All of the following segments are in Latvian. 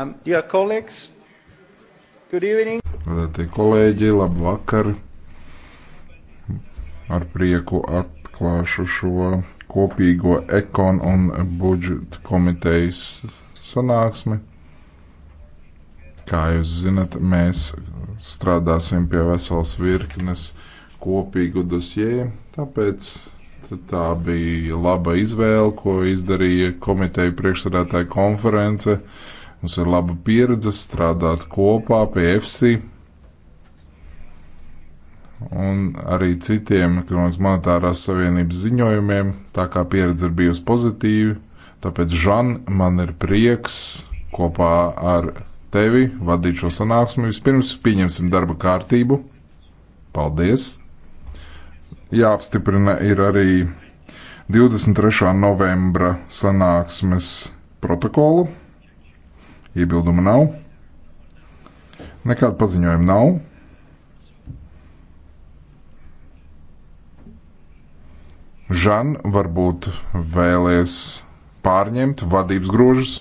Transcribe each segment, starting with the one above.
Um, dear colleagues, good evening. Godātie kolēģi, labu vakaru. Ar prieku atklāšu šo kopīgo ekon un budžeta komitejas sanāksmi. Kā jūs zinat, mēs strādāsim pie veselas virknes kopīgu dosjē, tāpēc tā bija laba izvēle, ko izdarīja komiteja priekšsarētāja konference. Uh, Mums ir laba pieredze strādāt kopā pie EFSI un arī citiem ekonomikas monetārās savienības ziņojumiem. Tā kā pieredze ir bijusi pozitīva, tāpēc, Žan, man ir prieks kopā ar tevi vadīt šo sanāksmi. Vispirms pieņemsim darba kārtību. Paldies! Jāapstiprina ir arī 23. novembra sanāksmes protokolu. Iebildumu nav. Nekādu paziņojumu nav. Žan varbūt vēlēs pārņemt vadības grožus.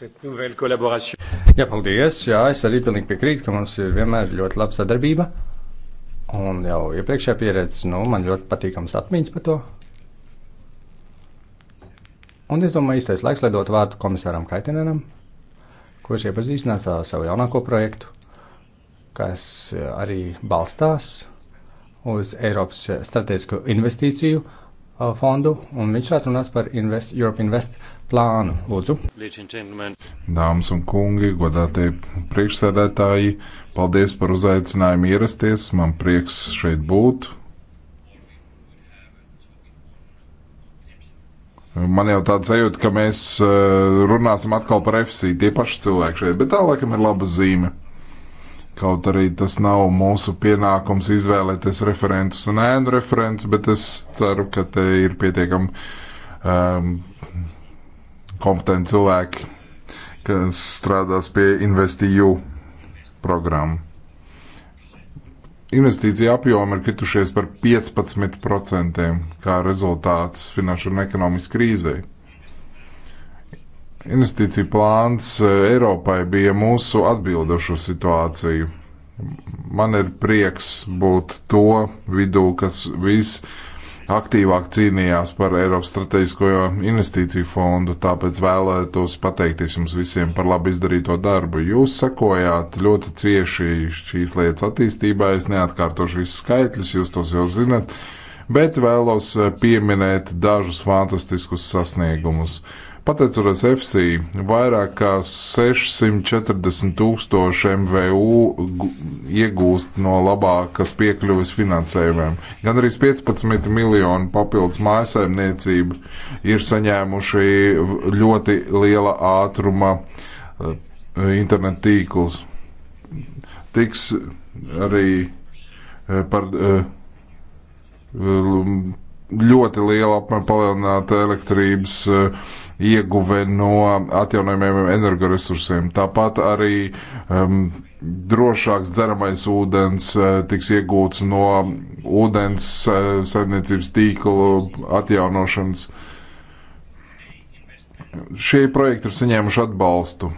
Jā, paldies. Jā, es arī pilnīgi piekrītu, ka mums ir vienmēr ļoti laba sadarbība. Un jau iepriekšējā pieredze, nu, man ļoti patīkams atmiņas par to. Un es domāju, īstais laiks, lai dotu vārdu komisāram Kaitinenam kurš iepazīstinās ar savu jaunāko projektu, kas eh, arī balstās uz Eiropas strateģisko investīciju eh, fondu, un viņš šeit runās par Invest, Europe Invest plānu. Lūdzu. Dāmas un kungi, godātie priekšsēdētāji, paldies par uzaicinājumu ierasties. Man prieks šeit būt Man jau tāds sajūta, ka mēs eh, runāsim atkal par FC, tie paši cilvēki šeit, bet tā laikam ir laba zīme. Kaut arī tas nav mūsu pienākums izvēlēties referentus un ēnu referentus, bet es ceru, ka te ir pietiekami um, kompetenti cilvēki, kas strādās pie investīju e programmu. Investīcija apjoma ir kritušies par 15% kā rezultāts finanšu un ekonomikas krīzei. Investīcija plāns eh, Eiropai bija mūsu atbildošo situāciju. Man ir prieks būt to vidū, kas viss aktīvāk cīnījās par Eiropas strateģisko investīciju fondu, tāpēc vēlētos pateikties jums visiem par labi izdarīto darbu. Jūs sekojāt ļoti cieši šīs lietas attīstībai, es neatkārtošu visus skaitļus, jūs tos jau zinat, bet vēlos pieminēt dažus fantastiskus sasniegumus. Uh, Pateicoties FSI, vairāk kā 640 tūkstoši MVU iegūst no labākas piekļuves finansējumiem. Gan arī 15 miljonu papildus mājasaimniecību ir saņēmuši ļoti liela ātruma eh, internetu tīklus. Tiks arī eh, par eh, ļoti lielu apmēru palielināta elektrības uh, ieguve no atjaunojumiem energoresursiem. Tāpat arī um, drošāks dzeramais ūdens uh, tiks iegūts no ūdens uh, saimniecības tīklu atjaunošanas. Šie projekti ir saņēmuši atbalstu.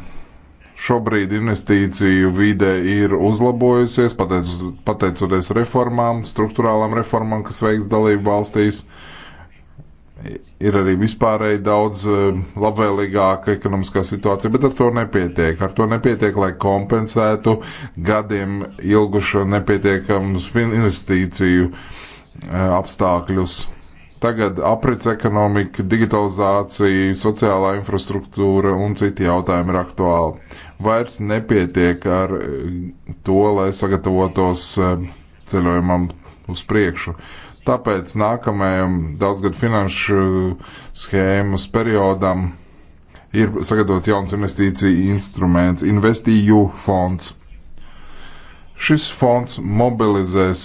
Šobrīd investīciju vide ir uzlabojusies, pateicoties reformām, struktūrālām reformām, kas veikts dalību valstīs. Uh, ir arī vispārēji daudz eh, labvēlīgāka ekonomiskā situācija, bet ar to nepietiek. Ar to nepietiek, lai kompensētu gadiem ilgušo nepietiekamus investīciju eh, apstākļus. Tagad aprits ekonomika, digitalizācija, sociālā infrastruktūra un citi jautājumi ir aktuāli. Vairs nepietiek ar eh, to, lai sagatavotos ceļojumam uz priekšu. Uh, Tāpēc nākamajam daudzgad finanšu schēmas periodam ir sagatavots jauns investīcija instruments - Investīju fonds. Šis fonds mobilizēs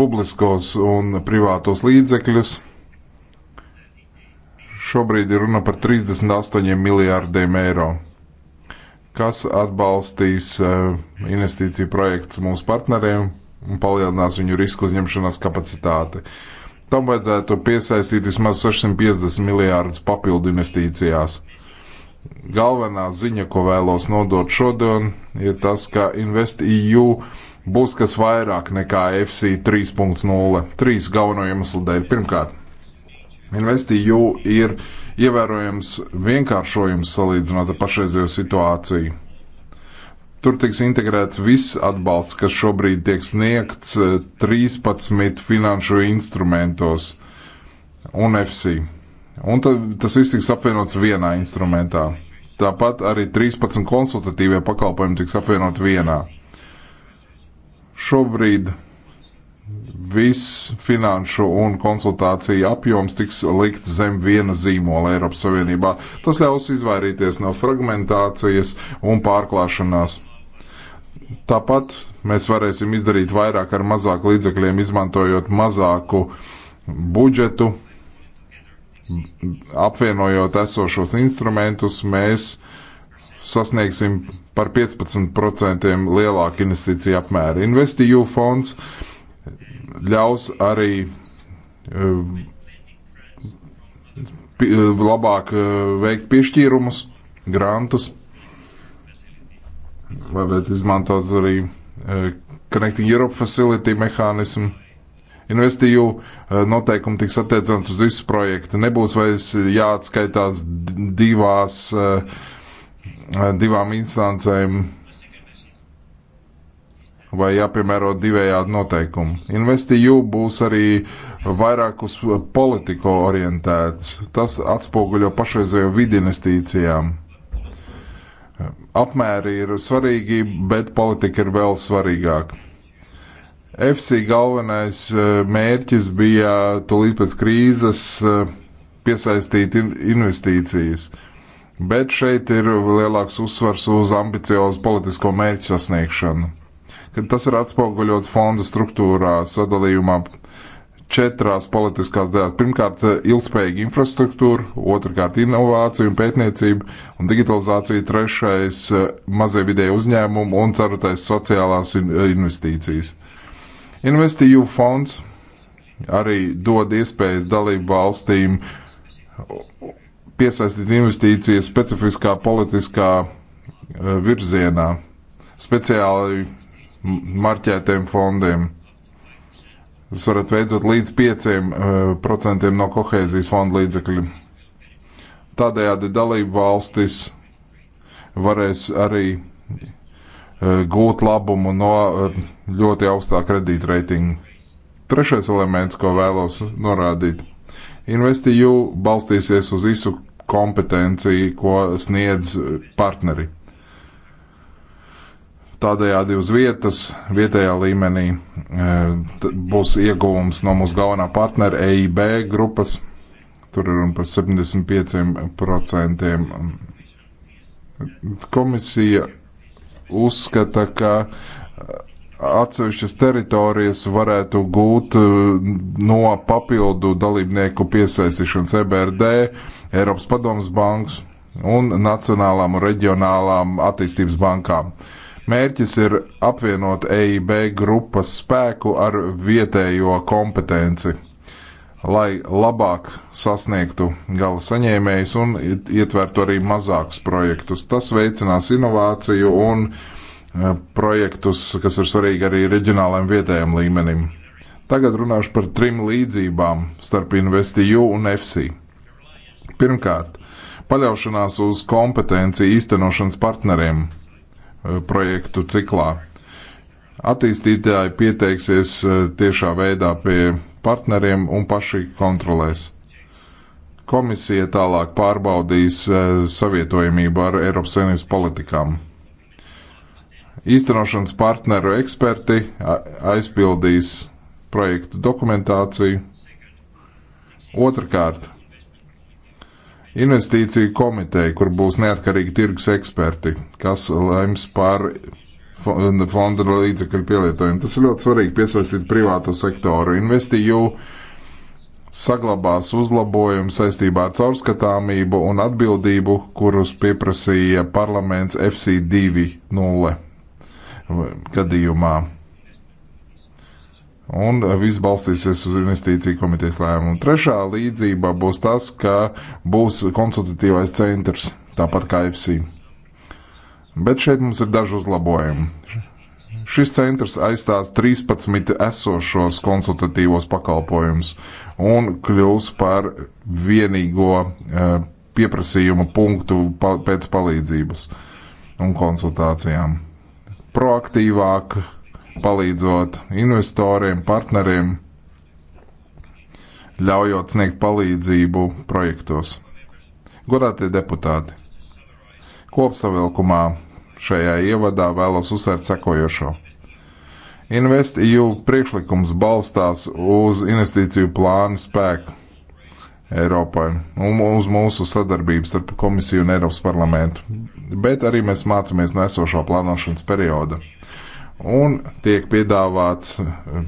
publiskos un privātos līdzekļus. Šobrīd ir runa par 38 miljārdiem eiro, kas atbalstīs eh, investīciju projekts mūsu partneriem un palielinās viņu risku uzņemšanas kapacitāti. Tam vajadzētu piesaistīt vismaz 650 miljārdus papildu investīcijās. Galvenā ziņa, ko vēlos nodot šodien, ir tas, ka InvestEU būs kas vairāk nekā FC 3.0. Trīs galveno iemeslu dēļ. Pirmkārt, InvestEU ir ievērojams vienkāršojums salīdzinot ar pašreizējo situāciju. Tur tiks integrēts viss atbalsts, kas šobrīd tiek sniegts 13 eh, finanšu instrumentos un FC. Un tad, tas viss tiks apvienots vienā instrumentā. Tāpat arī 13 konsultatīvie pakalpojumi tiks apvienot vienā. Šobrīd viss finanšu un konsultāciju apjoms tiks likt zem viena zīmola Eiropas Savienībā. Tas ļaus izvairīties no fragmentācijas un pārklāšanās. Tāpat mēs varēsim izdarīt vairāk ar mazāk līdzekļiem, izmantojot mazāku budžetu, apvienojot esošos instrumentus, mēs sasniegsim par 15% lielāku investīciju apmēru. Investiju fonds ļaus arī eh, labāk eh, veikt piešķīrumus, grantus, varētu izmantot arī e, Connecting Europe Facility mehānismu. Investīju e, noteikumi tiks attiecināt uz visu projektu. Nebūs vairs jāatskaitās divās, e, divām instancēm vai jāpiemēro divējādi noteikumi. Investīju būs arī vairāk uz politiku orientēts. Tas atspoguļo pašreizējo vidi investīcijām Apmēri ir svarīgi, bet politika ir vēl svarīgāka. FC galvenais eh, mērķis bija tūlīt pēc krīzes eh, piesaistīt investīcijas, bet šeit ir lielāks uzsvars uz ambiciozu politisko mērķu sasniegšanu. Tas ir atspoguļots fonda struktūrā, sadalījumā četrās politiskās daļās. Pirmkārt, ilgspējīga infrastruktūra, otrkārt, inovācija un pētniecība, un digitalizācija, trešais, mazie vidēji uzņēmumi un ceturtais, sociālās investīcijas. Investīju fonds arī dod iespējas dalību valstīm piesaistīt investīcijas specifiskā politiskā eh, virzienā, speciāli marķētiem fondiem. Jūs varat veidot līdz 5% eh, no kohēzijas fonda līdzekļiem. Tādējādi dalību valstis varēs arī eh, gūt labumu no eh, ļoti augstā kredītreitinga. Trešais elements, ko vēlos norādīt. Investiju balstīsies uz visu kompetenciju, ko sniedz partneri. Tādējādi uz vietas, vietējā līmenī e, būs ieguvums no mūsu galvenā partnera EIB grupas. Tur ir runa par 75%. Komisija uzskata, ka e, atsevišķas teritorijas varētu gūt e, no papildu dalībnieku piesaistīšanas EBRD, Eiropas Padomas bankas un Nacionālām un reģionālām attīstības bankām. Uh, Mērķis ir apvienot EIB grupas spēku ar vietējo kompetenci, lai labāk sasniegtu gala saņēmējus un ietvertu arī mazākus projektus. Tas veicinās inovāciju un e, projektus, kas ir svarīgi arī reģionālajiem vietējiem līmenim. Tagad runāšu par trim līdzībām starp Investiju un FC. Pirmkārt, paļaušanās uz kompetenci īstenošanas partneriem – Eh, projektu ciklā. Attīstītāji pieteiksies eh, tiešā veidā pie partneriem un paši kontrolēs. Komisija tālāk pārbaudīs eh, savietojamību ar Eiropas Savienības politikām. Īstenošanas partneru eksperti aizpildīs projektu dokumentāciju. Otrakārt, investīciju komiteju, kur būs neatkarīgi tirgus eksperti, kas lems par fonda līdzekļu pielietojumu. Tas ir ļoti svarīgi piesaistīt privāto sektoru investīciju, saglabās uzlabojumu saistībā ar caurskatāmību un atbildību, kurus pieprasīja parlaments FC2.0 gadījumā. Un viss balstīsies uz investīciju komitejas lēmumu. Trešā līdzība būs tas, ka būs konsultatīvais centrs, tāpat kā FC. Bet šeit mums ir daži uzlabojumi. Šis centrs aizstās 13 esošos konsultatīvos pakalpojumus un kļūs par vienīgo eh, pieprasījuma punktu pēc palīdzības un konsultācijām. Proaktīvāk palīdzot investoriem, partneriem, ļaujot sniegt palīdzību projektos. Godātie deputāti, kopsavilkumā šajā ievadā vēlos uzsvērt sekojošo. InvestEU priekšlikums balstās uz investīciju plānu spēku Eiropai un uz mūsu sadarbību starp komisiju un Eiropas parlamentu, bet arī mēs mācāmies no esošā plānošanas perioda un tiek piedāvāts eh,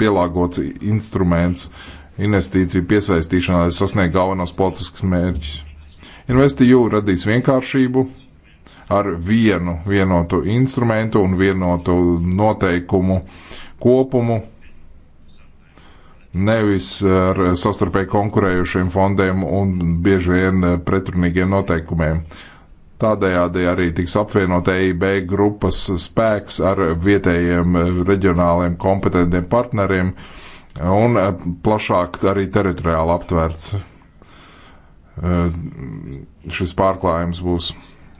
pielāgots instruments investīciju piesaistīšanā, lai sasniegtu galvenos politiskus mērķus. InvestEU radīs vienkāršību ar vienu vienotu instrumentu un vienotu noteikumu kopumu, nevis ar savstarpēji konkurējušiem fondiem un bieži vien pretrunīgiem noteikumiem. Tādējādi arī tiks apvienot EIB grupas spēks ar vietējiem eh, reģionāliem kompetentiem partneriem un eh, plašāk arī teritoriāli aptverts eh, šis pārklājums būs.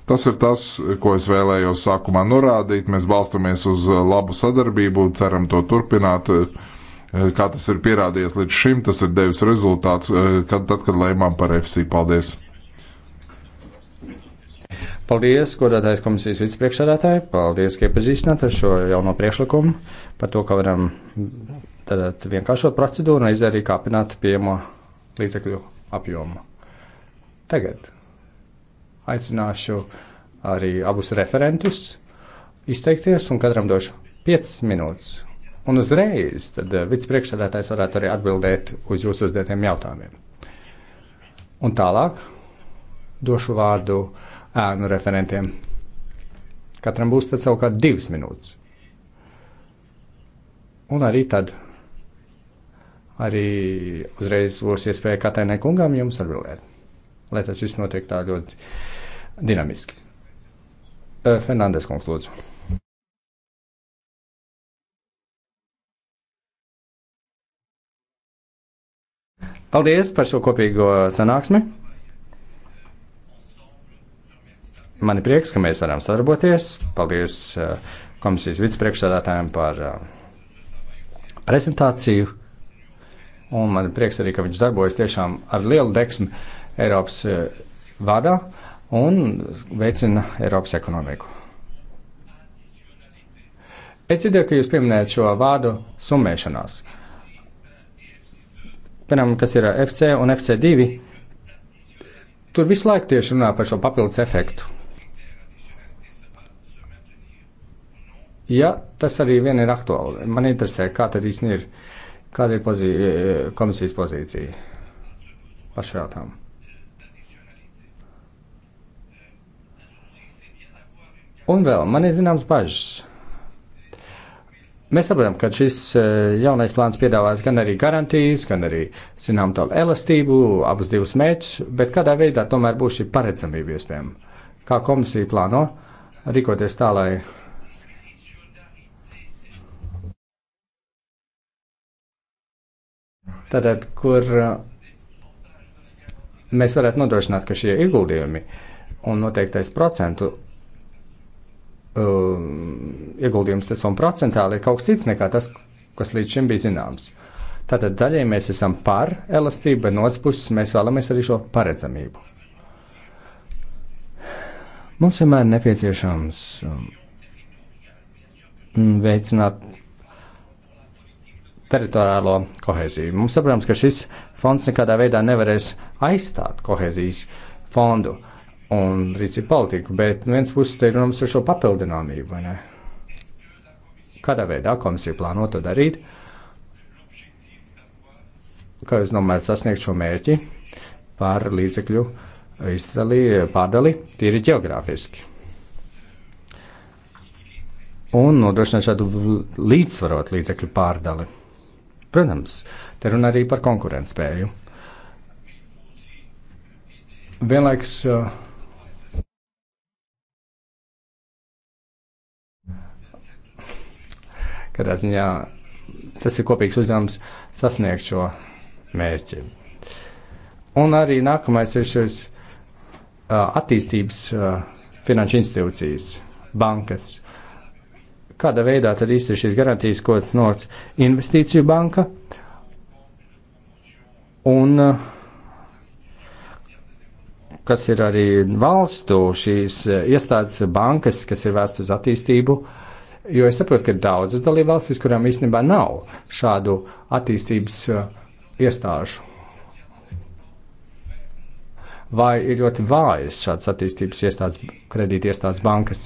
Tas ir tas, ko es vēlējos sākumā norādīt. Mēs balstamies uz labu sadarbību, ceram to turpināt. Kā tas ir pierādījies līdz šim, tas ir devis rezultāts, kad, tad, kad lēmām par FC. Paldies! Paldies, godātais komisijas vicepriekšsēdētāji, paldies, ka iepazīstināt ar šo jauno priekšlikumu par to, ka varam tad vienkāršot procedūru un arī kāpināt pieejamo līdzekļu apjomu. Tagad aicināšu arī abus referentus izteikties un katram došu 5 minūtes. Un uzreiz tad eh, vicepriekšsēdētājs varētu arī atbildēt uz jūsu uzdētiem jautājumiem. Un tālāk došu vārdu ēnu referentiem. Katram būs tad savukārt divas minūtes. Un arī tad arī uzreiz būs iespēja Katainai kungām jums atbildēt, lai tas viss notiek tā ļoti dinamiski. Fernandes kungs, lūdzu. Paldies par šo kopīgo sanāksmi! Man ir prieks, ka mēs varam sadarboties. Paldies eh, komisijas vicepriekšsēdētājiem par eh, prezentāciju. Un man ir prieks arī, ka viņš darbojas tiešām ar lielu deksmu Eiropas eh, vadā un veicina Eiropas ekonomiku. Es dzirdēju, ka jūs pieminējat šo vārdu summēšanās. Piemēram, kas ir FC un FC2, tur visu laiku tieši runā par šo papildus efektu. Ja tas arī vien ir aktuāli, man interesē, kā tad īstenībā ir, kāda ir pozī e, e, komisijas pozīcija par šo jautājumu. Un vēl man ir zināms bažas. Mēs saprotam, ka šis e, jaunais plāns piedāvās gan arī garantijas, gan arī, zinām, tādu elastību, abus divus mērķus, bet kādā veidā tomēr būs šī paredzamība iespējama. Kā komisija plāno rīkoties tā, lai Tātad, kur uh, mēs varētu nodrošināt, ka šie ieguldījumi un noteiktais procentu uh, ieguldījums tas un procentāli ir kaut kas cits nekā tas, kas līdz šim bija zināms. Tātad daļai mēs esam par elastību, bet no otras puses mēs vēlamies arī šo paredzamību. Mums vienmēr nepieciešams um, veicināt teritoriālo kohēziju. Mums saprotams, ka šis fonds nekādā veidā nevarēs aizstāt kohēzijas fondu un rīcību politiku, bet viens puses te ir runāms ar šo papildināmību, vai ne? Kādā veidā komisija plāno to darīt? Kā jūs domājat sasniegt šo mērķi par līdzekļu izdali, pārdali tīri ģeogrāfiski? Un nodrošināt šādu līdzsvarot līdzekļu pārdali. Protams, te runā arī par konkurētspēju. Vienlaiks. Eh, katrā ziņā tas ir kopīgs uzdevums sasniegt šo mērķi. Un arī nākamais ir šis eh, attīstības eh, finanšu institūcijas, bankas kādā veidā tad īsti šīs garantijas, ko snorts investīciju banka, un eh, kas ir arī valstu šīs eh, iestādes bankas, kas ir vērsts uz attīstību, jo es saprotu, ka ir daudzas dalībvalstis, kurām īstenībā nav šādu attīstības eh, iestāžu vai ir ļoti vājas šādas attīstības iestādes, kredīti iestādes bankas.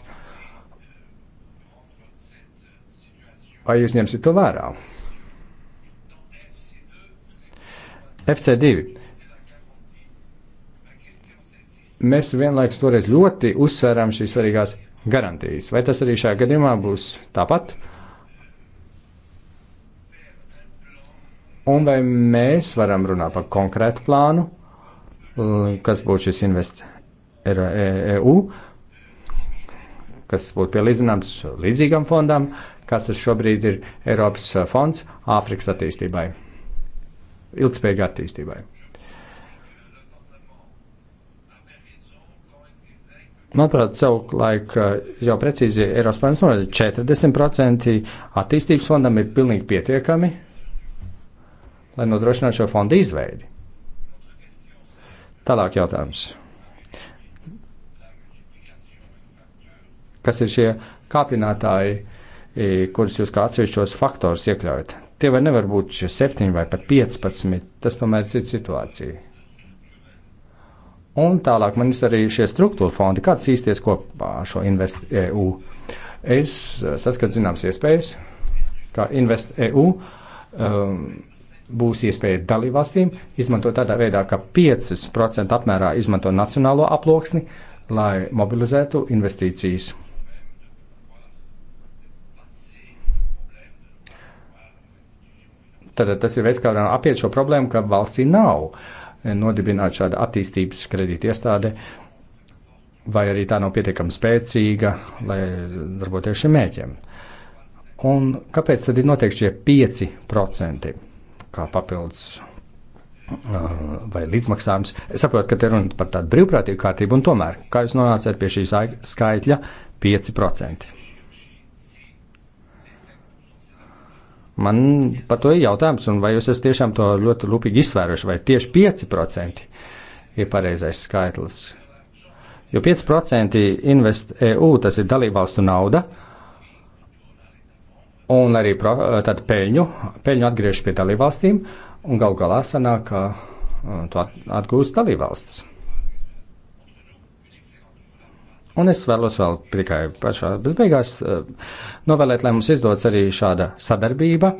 Vai jūs ņemsiet to vērā? FC2. Mēs vienlaikus toreiz ļoti uzsvērām šīs svarīgās garantijas. Vai tas arī šajā gadījumā būs tāpat? Un vai mēs varam runāt par konkrētu plānu, kas būtu šis invest EU, er- e- e- kas būtu pielīdzināms līdzīgam fondam, kas tas šobrīd ir Eiropas uh, fonds Āfrikas attīstībai, ilgspējīgai attīstībai. Manuprāt, savulaik uh, jau precīzi Eiropas plāns norāda, 40% attīstības fondam ir pilnīgi pietiekami, lai nodrošinātu šo fondu izveidi. Tālāk jautājums. kas ir šie kāpinātāji, e, kurus jūs kā atsevišķos faktors iekļaujat. Tie vai nevar būt šie 7 vai pat 15, tas tomēr ir cita situācija. Un tālāk man ir arī šie struktūra fondi, kāds īsties kopā ar šo Invest EU. Es e, saskatu zināmas iespējas, ka Invest EU um, būs iespēja dalībvalstīm izmantot tādā veidā, ka 5% apmērā izmanto nacionālo aploksni, lai mobilizētu investīcijas Tātad tas ir veids, kā varam apiet šo problēmu, ka valstī nav nodibināta šāda attīstības kredīta iestāde, vai arī tā nav pietiekami spēcīga, lai darboties šiem mēķiem. Un kāpēc tad ir noteikti šie 5% kā papildus vai līdzmaksājums? Es saprotu, ka te runa par tādu brīvprātīgu kārtību, un tomēr, kā jūs nonācāt pie šī skaitļa 5%? Man par to ir jautājums, un vai jūs esat tiešām to ļoti lūpīgi izsvēruši, vai tieši 5% ir pareizais skaitlis. Jo 5% invest EU, tas ir dalībvalstu nauda, un arī tad peļņu, peļņu atgriež pie dalībvalstīm, un gal galā sanāk, ka uh, to atgūst dalībvalsts. Un es vēlos vēl tikai pašā beigās eh, novēlēt, lai mums izdodas arī šāda sadarbība,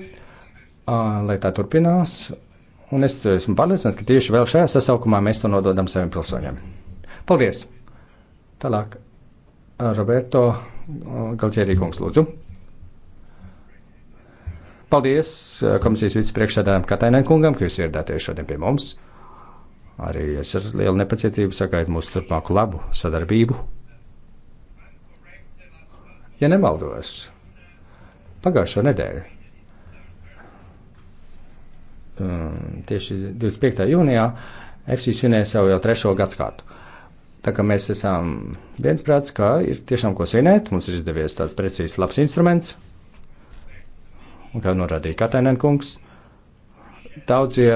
lai tā turpinās. Un es esmu pārliecināts, ka tieši vēl šajā sasaukumā mēs to nododam saviem pilsoņiem. Paldies! Tālāk, Roberto Galtieri kungs, lūdzu. Paldies komisijas vicepriekšsēdājiem Katainai kungam, ka jūs ieradāties šodien pie mums. Arī es ar lielu nepacietību sagaidu mūsu turpmāku labu sadarbību. Ja nemaldos, pagājušo nedēļu, um, tieši 25. jūnijā, FC svinēja savu jau trešo gadsimtu. Tā kā mēs esam viensprāts, ka ir tiešām ko svinēt, mums ir izdevies tāds precīzs, labs instruments, un kā norādīja Katainen kungs, daudzie,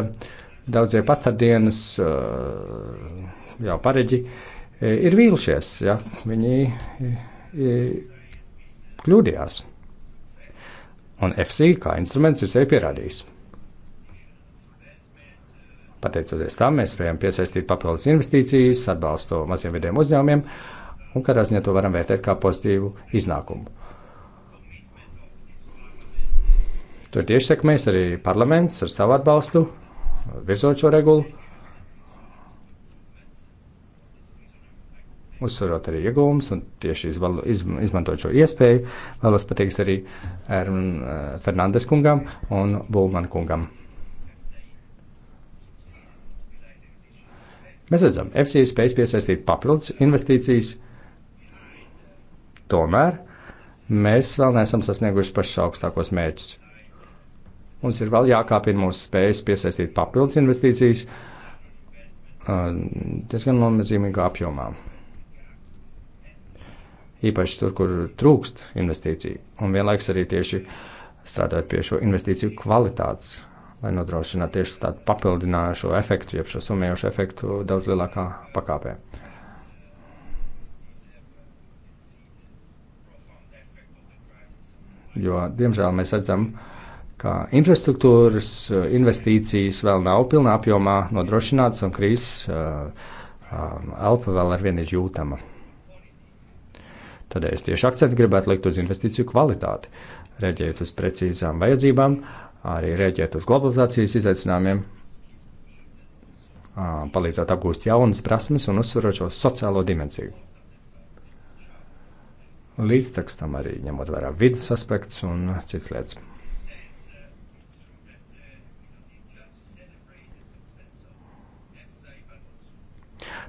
daudzie pastardienas uh, jau pareģi eh, ir vīlušies, ja? viņi eh, kļūdījās. Un FC kā instruments ir sevi pierādījis. Pateicoties tam, mēs spējam piesaistīt papildus investīcijas, atbalstu maziem vidiem uzņēmumiem, un katrā ziņā to varam vērtēt kā pozitīvu iznākumu. Tur tieši sekmēs arī parlaments ar savu atbalstu, virzot šo regulu. uzsverot arī iegūmus un tieši izvalu, iz, izmantot šo iespēju, vēlos pateikt arī er, Fernandes kungam un Bulman kungam. Mēs redzam, FCI spējas piesaistīt papildus investīcijas, tomēr mēs vēl neesam sasnieguši pašus augstākos mērķus. Mums ir vēl jākāpina mūsu spējas piesaistīt papildus investīcijas eh, diezgan nozīmīgā apjomā īpaši tur, kur trūkst investīciju, un vienlaiks arī tieši strādāt pie šo investīciju kvalitātes, lai nodrošinātu tieši tādu papildinājušo efektu, jeb šo summējošu efektu daudz lielākā pakāpē. Jo, diemžēl, mēs redzam, ka infrastruktūras eh, investīcijas vēl nav pilnā apjomā nodrošināts, un krīzes uh, um, elpa vēl ar vienu ir jūtama. Tādēļ es tieši akcentu gribētu likt uz investīciju kvalitāti, reaģēt uz precīzām vajadzībām, arī reaģēt uz globalizācijas izaicinājumiem, palīdzēt apgūst jaunas prasmes un uzsverot šo sociālo dimensiju. Līdz tekstam arī ņemot vērā vidas aspekts un citas lietas.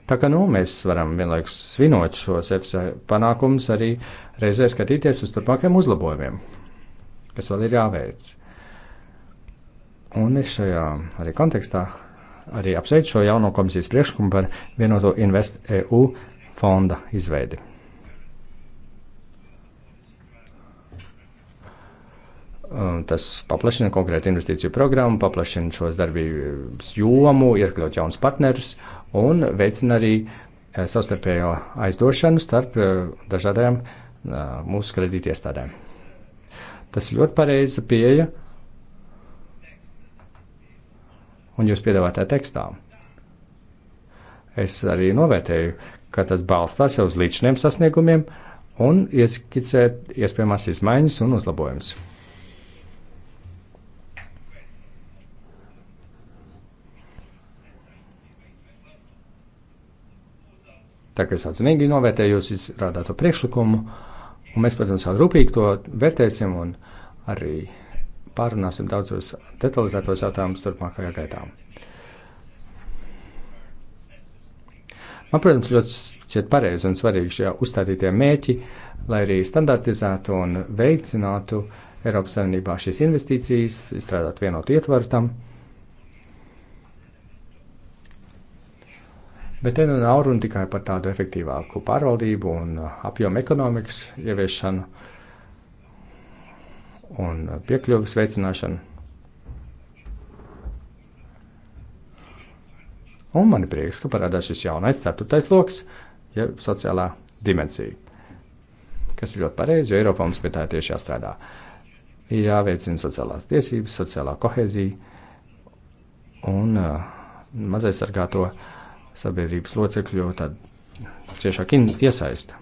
Tā kā nu, mēs varam vienlaikus svinot šos EFSA panākumus, arī reizē skatīties uz turpmākiem uzlabojumiem, kas vēl ir jāveic. Un es šajā arī kontekstā arī apsveicu šo jauno komisijas priekšlikumu par vienoto Invest EU fonda izveidi. Um, tas paplašina konkrētu investīciju programmu, paplašina šos darbības jomu, iekļaut jaunus partnerus un veicina arī eh, savstarpējo aizdošanu starp eh, dažādajām eh, mūsu kredītiestādēm. Tas ir ļoti pareiza pieeja. Un jūs piedāvātā tekstā. Es arī novērtēju, ka tas balstās jau uz līdziniem sasniegumiem un ieskicēt iespējamās izmaiņas un uzlabojumus. Tā kā es atzinīgi novērtēju jūs izrādāto priekšlikumu, un mēs, protams, vēl rūpīgi to vērtēsim un arī pārunāsim daudzos detalizētos jautājumus turpmākajā gaitā. Man, protams, ļoti šķiet pareizi un svarīgi šie uzstādītie mērķi, lai arī standartizētu un veicinātu Eiropas Savienībā šīs investīcijas, izstrādāt vienotu ietvaru tam. Bet te nu nav runa tikai par tādu efektīvāku pārvaldību un uh, apjomu ekonomikas ieviešanu un uh, piekļuvas veicināšanu. Un man ir prieks, ka parādās šis jaunais ceturtais lokus, ja sociālā dimensija, kas ir ļoti pareizi, jo Eiropā mums pie tā tieši jāstrādā. Ir jāveicina sociālās tiesības, sociālā kohēzija un uh, mazai sargāto uh, sabiedrības locekļu tāda ciešāk iesaista.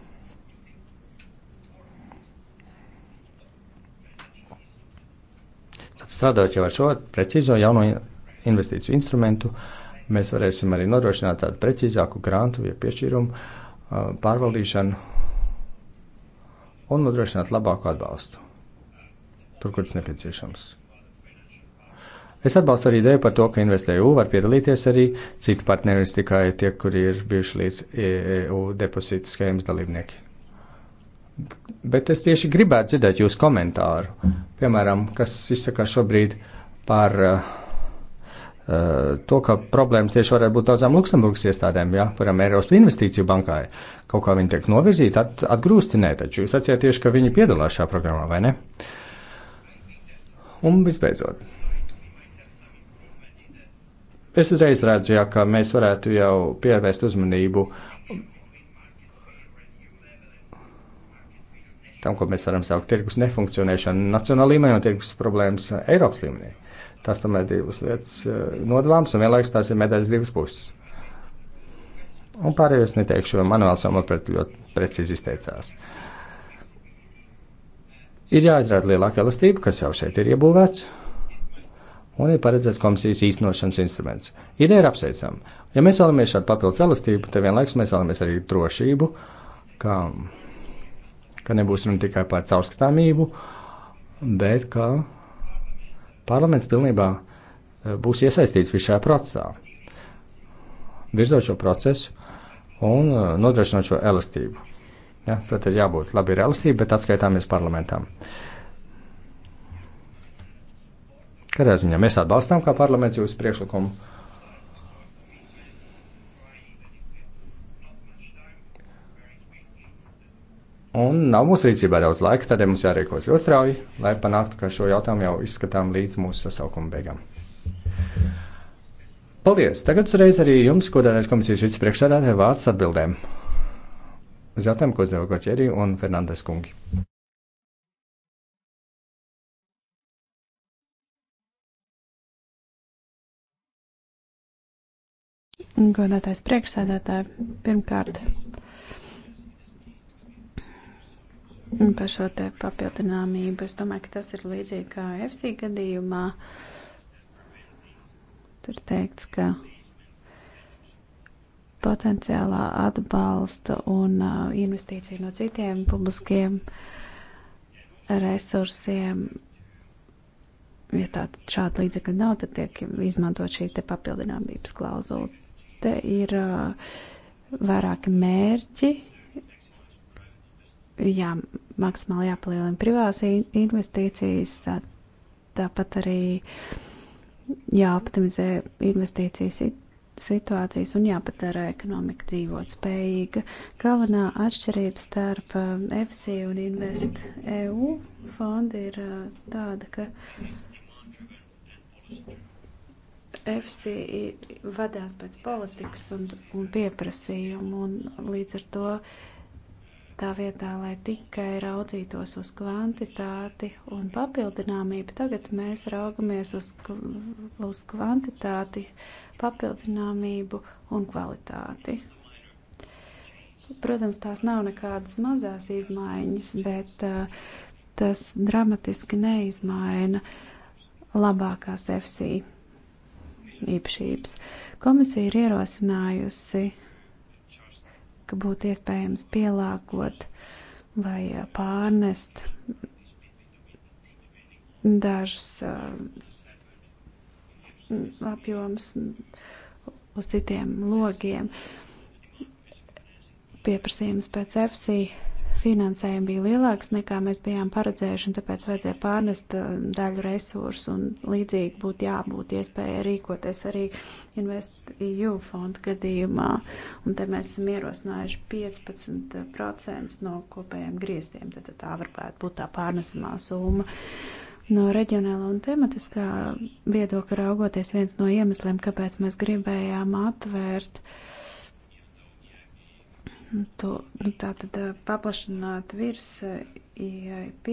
Tad strādājot jau ar šo precīzo jauno investīciju instrumentu, mēs varēsim arī nodrošināt tādu precīzāku grantu vai ja piešķīrumu pārvaldīšanu un nodrošināt labāku atbalstu tur, kur tas nepieciešams. Es atbalstu arī ideju par to, ka InvestEU var piedalīties arī citu partneri, nevis tikai tie, kuri ir bijuši līdz EU e depozītu schēmas dalībnieki. Bet es tieši gribētu dzirdēt jūsu komentāru, piemēram, kas izsaka šobrīd par uh, to, ka problēmas tieši varētu būt daudzām Luksemburgas iestādēm, ja, piemēram, Eiropas investīciju bankai. Kaut kā viņi tiek novirzīti, at, atgrūstinē, taču jūs atsiet tieši, ka viņi piedalās šajā programmā, vai ne? Un visbeidzot, Es uzreiz redzu, jā, ka mēs varētu jau pievērst uzmanību tam, ko mēs varam saukt tirgus nefunkcionēšanu nacionālā līmenī un tirgus problēmas Eiropas līmenī. Tās tomēr divas lietas eh, nodalāmas un vienlaikus tās ir medaļas divas puses. Un pārējos neteikšu, jo manuāls jau, manuprāt, ļoti precīzi izteicās. Ir jāizrāda lielāka elastība, kas jau šeit ir iebūvēts, un ir paredzēts komisijas īstenošanas instruments. Ideja ir apsveicama. Ja mēs vēlamies šādu papildus elastību, tad vienlaikus mēs vēlamies arī drošību, ka, ka nebūs runa tikai par caurskatāmību, bet ka parlaments pilnībā e, būs iesaistīts visā procesā, virzot šo procesu un e, nodrošinot šo elastību. Ja, tad ir jābūt labi ir elastība, bet atskaitāmies parlamentam. Uh, Katrā ziņā mēs atbalstām kā parlaments jūsu priekšlikumu. Un nav mūsu rīcībā daudz laika, tādēļ mums jārīkojas ļoti strauji, lai panāktu, ka šo jautājumu jau izskatām līdz mūsu sasaukuma beigām. Paldies! Tagad uzreiz arī jums, godātais komisijas vicepriekšsēdētāja, vārds atbildēm uz jautājumu, ko uzdeva Goķerī un Fernandes kungi. Godātais priekšsēdētāji, pirmkārt par šo te papildināmību. Es domāju, ka tas ir līdzīgi kā FC gadījumā. Tur teikts, ka potenciālā atbalsta un uh, investīcija no citiem publiskiem resursiem. Ja tāda šāda līdzekļa nav, tad tiek izmantot šī te papildināmības klauzula. Te ir vairāki mērķi. Jā, maksimāli jāpalielina privās investīcijas, tā, tāpat arī jāoptimizē investīcijas situācijas un jāpadara ekonomika dzīvot spējīga. Galvenā atšķirība starp EFSI un Invest EU fondu ir tāda, ka FC vadās pēc politikas un, un pieprasījumu, un līdz ar to tā vietā, lai tikai raudzītos uz kvantitāti un papildināmību, tagad mēs raugamies uz, uz kvantitāti, papildināmību un kvalitāti. Protams, tās nav nekādas mazās izmaiņas, bet uh, tas dramatiski neizmaina labākās FC īpašības. Komisija ir ierosinājusi, ka būtu iespējams pielāgot vai uh, pārnest dažus uh, apjomus uz citiem logiem. Pieprasījums pēc FSI finansējumi bija lielāks nekā mēs bijām paredzējuši, un tāpēc vajadzēja pārnest uh, daļu resursu, un līdzīgi būtu jābūt iespēja rīkoties arī InvestEU fonda gadījumā, un te mēs esam ierosinājuši 15% no kopējiem grieztiem, tad tā varētu būt tā pārnesamā summa. No reģionāla un tematiskā viedokļa raugoties, viens no iemesliem, kāpēc mēs gribējām atvērt uh, to, nu, tā tad paplašināt virs EIP,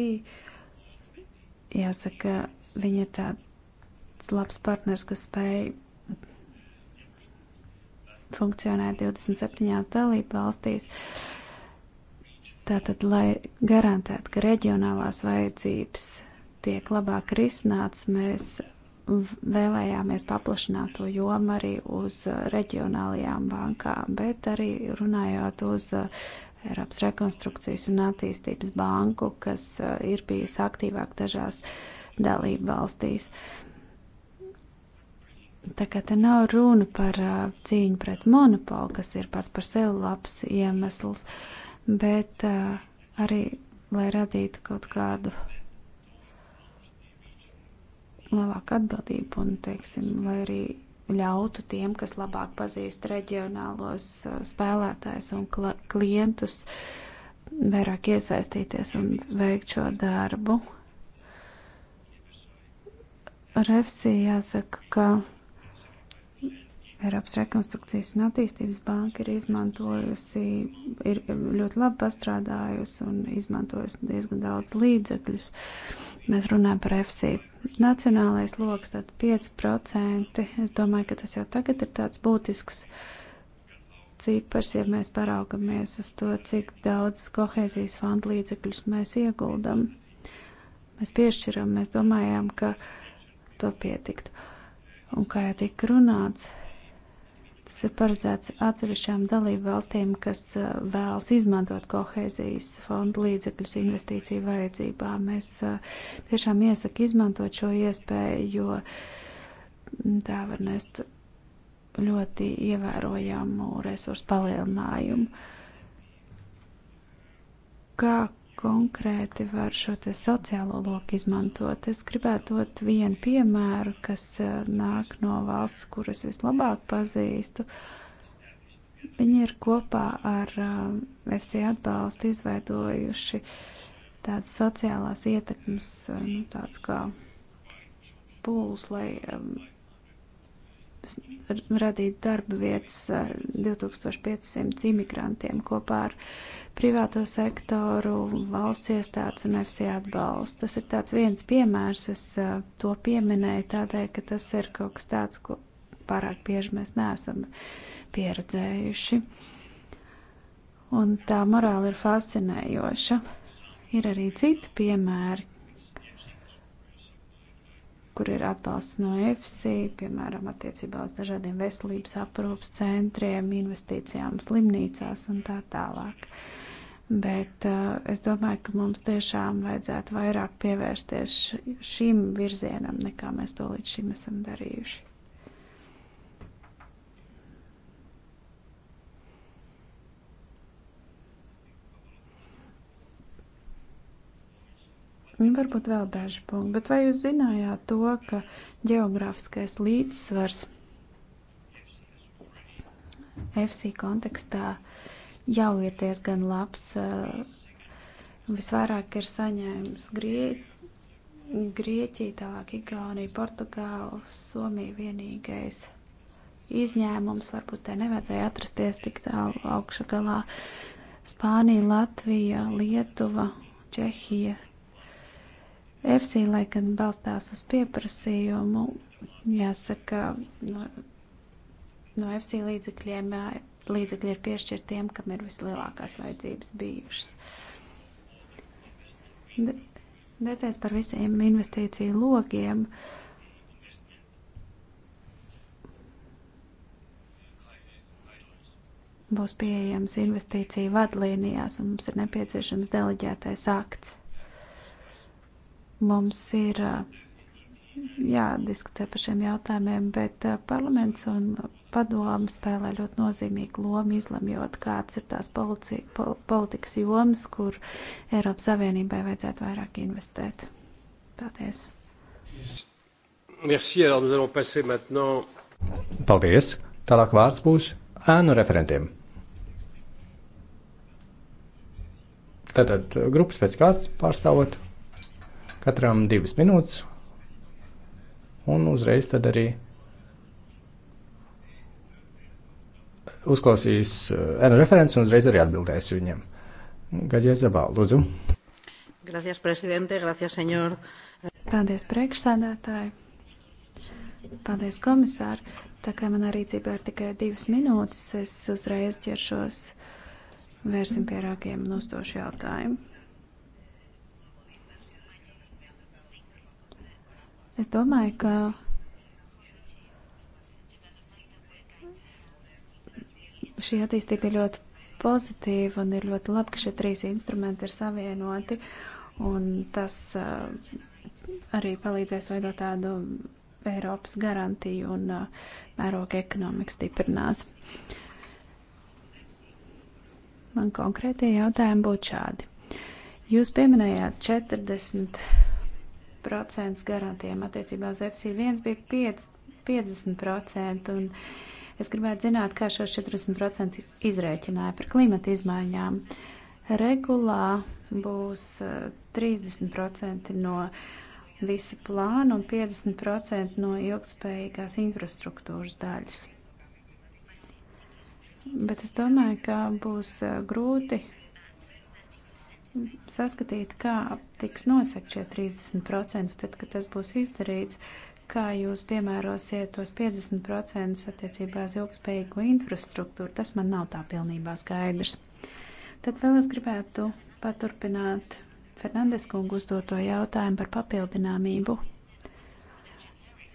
jāsaka, viņa ir tāds labs partners, kas spēj funkcionēt 27 dalību valstīs. Tātad, lai garantētu, ka reģionālās vajadzības tiek labāk risināts, mēs vēlējāmies paplašināt to jomu arī uz uh, reģionālajām bankām, bet arī runājot uz uh, Eiropas rekonstrukcijas un attīstības banku, kas uh, ir bijusi aktīvāk dažās dalību valstīs. Tā kā te nav runa par cīņu pret monopolu, kas ir pats par sevi labs iemesls, bet arī, lai radītu kaut kādu lielāka atbildība un, teiksim, lai arī ļautu tiem, kas labāk pazīst reģionālos uh, spēlētājs un klientus, vairāk iesaistīties un veikt šo darbu. Refsī jāsaka, ka Eiropas rekonstrukcijas un attīstības banka ir izmantojusi, ir ļoti labi pastrādājusi un izmantojusi diezgan daudz līdzekļus. Mēs runājam par FCP nacionālais loks, tad 5%, es domāju, ka tas jau tagad ir tāds būtisks cipars, ja mēs paraugamies uz to, cik daudz kohēzijas fonda līdzekļus mēs ieguldam. Mēs piešķiram, mēs domājām, ka to pietiktu. Un kā jau tika runāts, projekts ir paredzēts atsevišķām dalību valstīm, kas uh, vēlas izmantot kohēzijas fondu līdzekļus investīciju vajadzībām. Es uh, tiešām iesaku izmantot šo iespēju, jo mm, tā var nest ļoti ievērojamu resursu palielinājumu. Kā konkrēti var šo te sociālo loku izmantot. Es gribētu dot vienu piemēru, kas eh, nāk no valsts, kuras vislabāk pazīstu. Viņi ir kopā ar eh, FC atbalstu izveidojuši tādas sociālās ietekmes, eh, nu, tāds kā pūls, lai um, radītu darba vietas 2500 imigrantiem kopā ar uh, privāto sektoru, valsts iestādes un FCI atbalsts. Tas ir tāds viens piemērs, es to pieminēju tādēļ, ka tas ir kaut kas tāds, ko pārāk bieži mēs neesam pieredzējuši. Un tā morāla ir fascinējoša. Ir arī citi piemēri, kur ir atbalsts no EFSI, piemēram, attiecībā uz dažādiem veselības aprūpas centriem, investīcijām slimnīcās un tā tālāk. Uh, bet uh, es domāju, ka mums tiešām vajadzētu vairāk pievērsties šim virzienam, nekā mēs to līdz šim esam darījuši. Varbūt vēl daži punkti, bet vai jūs zinājāt to, ka geogrāfiskais līdzsvars FC kontekstā uh, jau ir diezgan labs. Eh, visvairāk ir saņēmis Grie... Grieķija, tālāk Igaunija, Portugāla, Somija vienīgais izņēmums. Varbūt te nevajadzēja atrasties tik tālu augšu galā. Spānija, Latvija, Lietuva, Čehija. EFSI, lai gan balstās uz pieprasījumu, jāsaka, no, no EFSI līdzekļiem līdzekļi ir piešķirt tiem, kam ir vislielākās vajadzības bijušas. De, Detaļas par visiem investīciju logiem. Būs pieejams investīciju vadlīnijās, un mums ir nepieciešams deleģētais akts. Mums ir jādiskutē par šiem jautājumiem, bet eh, parlaments un padoma spēlē ļoti nozīmīgu lomu, izlemjot, kāds ir tās polici, pol, politikas jomas, kur Eiropas Savienībai vajadzētu vairāk investēt. Paldies! Merci, alors nous allons passer maintenant. Paldies! Tālāk vārds būs ēnu referentiem. Tātad grupas pēc kārtas pārstāvot katram divas minūtes, un uzreiz tad arī uzklausīs eh, ēnu referents un uzreiz arī atbildēs viņiem. Gaģies Zabā, lūdzu. Gracias, prezidente, gracias, senor. Paldies, priekšsādātāji. Paldies, komisāri. Tā kā manā rīcībā ir tikai divas minūtes, es uzreiz ķeršos vērsim pie rākiem un uzdošu jautājumu. Es domāju, ka Šī attīstība ir ļoti pozitīva un ir ļoti labi, ka šie trīs instrumenti ir savienoti. Un tas uh, arī palīdzēs veidot tādu Eiropas garantiju un uh, mēroga ekonomiku stiprinās. Man konkrētie jautājumi būtu šādi. Jūs pieminējāt 40% garantijām attiecībā uz FC1 bija 5, 50%. Un, uh, Es gribētu zināt, kā šos 40% izrēķināja par klimata izmaiņām. Regulā būs 30% eh, no visa plāna un 50% no ilgspējīgās infrastruktūras daļas. Bet es domāju, ka būs eh, grūti saskatīt, kā tiks nosegt šie 30%, tad, kad tas būs izdarīts, kā jūs piemērosiet tos 50% attiecībā uz ilgspējīgu infrastruktūru, tas man nav tā pilnībā skaidrs. Tad vēl es gribētu paturpināt Fernandes kungu uzdoto jautājumu par papildināmību.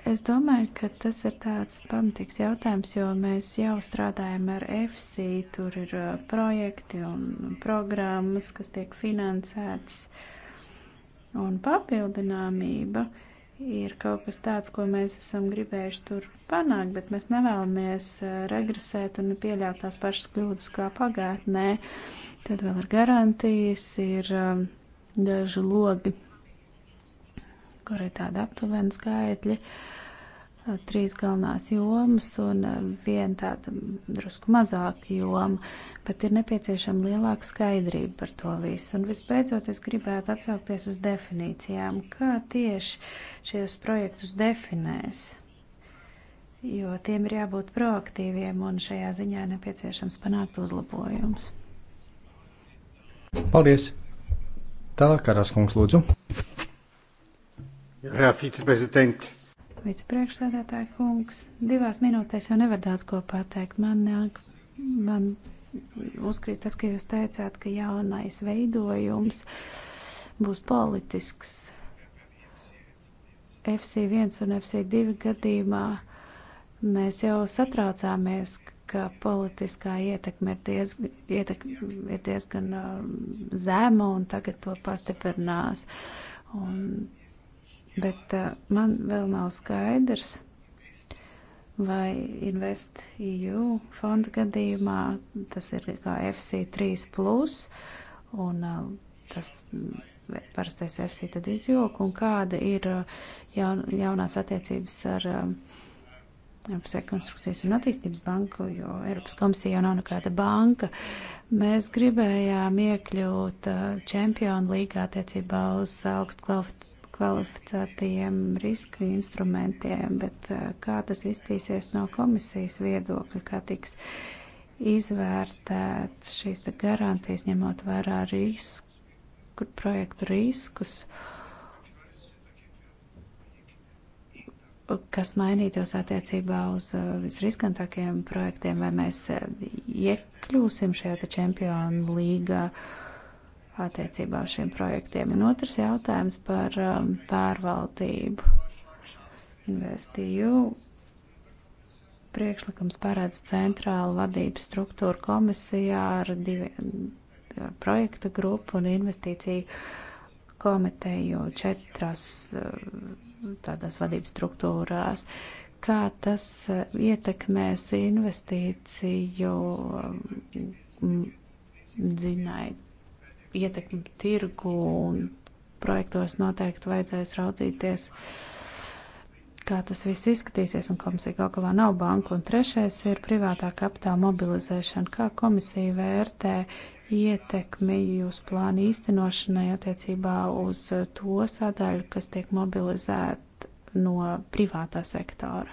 Es domāju, ka tas ir tāds pamatīgs jautājums, jo mēs jau strādājam ar FC, tur ir uh, projekti un programmas, kas tiek finansētas, un papildināmība. Uh, ir kaut kas tāds, ko mēs esam gribējuši tur panākt, bet mēs nevēlamies uh, regresēt un pieļaut tās pašas kļūdas kā pagātnē. Tad vēl ir garantijas, ir um, daži logi, kur ir tādi aptuveni skaitļi. Uh, trīs galvenās jomas un viena tāda drusku mazāka joma, bet ir nepieciešama lielāka skaidrība par to visu. Un visbeidzot, es gribētu atsaukties uz definīcijām, kā tieši šos projektus definēs, jo tiem ir jābūt proaktīviem un šajā ziņā nepieciešams panākt uzlabojums. Paldies! Tā, Karas kungs, lūdzu. Jā, ja, viceprezidents vicepriekšsēdētāja kungs. Divās minūtēs jau nevar daudz ko pateikt. Man, nāk, man uzkrīt tas, ka jūs teicāt, ka jaunais veidojums būs politisks. FC1 un FC2 gadījumā mēs jau satraucāmies, ka politiskā ietekme ir, diez, ietek, ir diezgan uh, zema un tagad to pastiprinās. Un bet uh, man vēl nav skaidrs, vai InvestEU fonda gadījumā tas ir kā FC3+, un uh, tas parastais FC tad izjūk, un kāda ir uh, jaun, jaunās attiecības ar um, Eiropas rekonstrukcijas un attīstības banku, jo Eiropas komisija jau nav nekāda banka. Mēs gribējām iekļūt čempionu līgā attiecībā uz augstu kvalitāti kvalificētajiem riska instrumentiem, bet eh, kā tas iztīsies no komisijas viedokļa, kā tiks izvērtēts šīs garantijas, ņemot vērā risku, projektu riskus, kas mainītos attiecībā uz eh, visriskantākajiem projektiem, vai mēs eh, iekļūsim šajā čempionu līgā. Uh, attiecībā uz šiem projektiem. Un otrs jautājums par um, pārvaldību. Investīju priekšlikums parāds centrālu vadības struktūru komisijā ar, divi, ar projektu grupu un investīciju komiteju četrās uh, tādās vadības struktūrās. Kā tas uh, ietekmēs investīciju um, dzinēju ietekmi tirgu un projektos noteikti vajadzēs raudzīties, kā tas viss izskatīsies, un komisija kaut galā nav banka. Un trešais ir privātā kapitāla mobilizēšana. Kā komisija vērtē ietekmi jūsu plānu īstenošanai attiecībā uz to sadaļu, kas tiek mobilizēta no privātā sektora?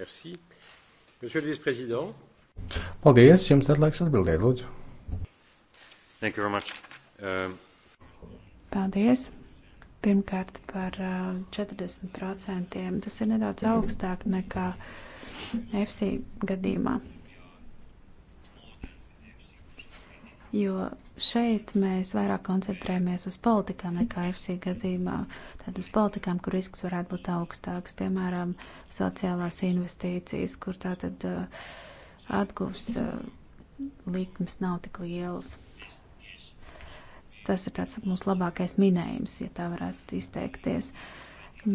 Merci. Monsieur le vice-président. Paldies, jums ir laiks atbildēt, lūdzu. Thank you very much. Um... Paldies. Pirmkārt par uh, 40%. Tas ir nedaudz augstāk nekā FC gadījumā. Jo šeit mēs vairāk koncentrējamies uz politikām nekā FC gadījumā. Tad uz politikām, kur risks varētu būt augstāks, piemēram, sociālās investīcijas, kur tātad uh, atguvs uh, likmes nav tik lielas. Tas ir tāds mūsu labākais minējums, ja tā varētu izteikties.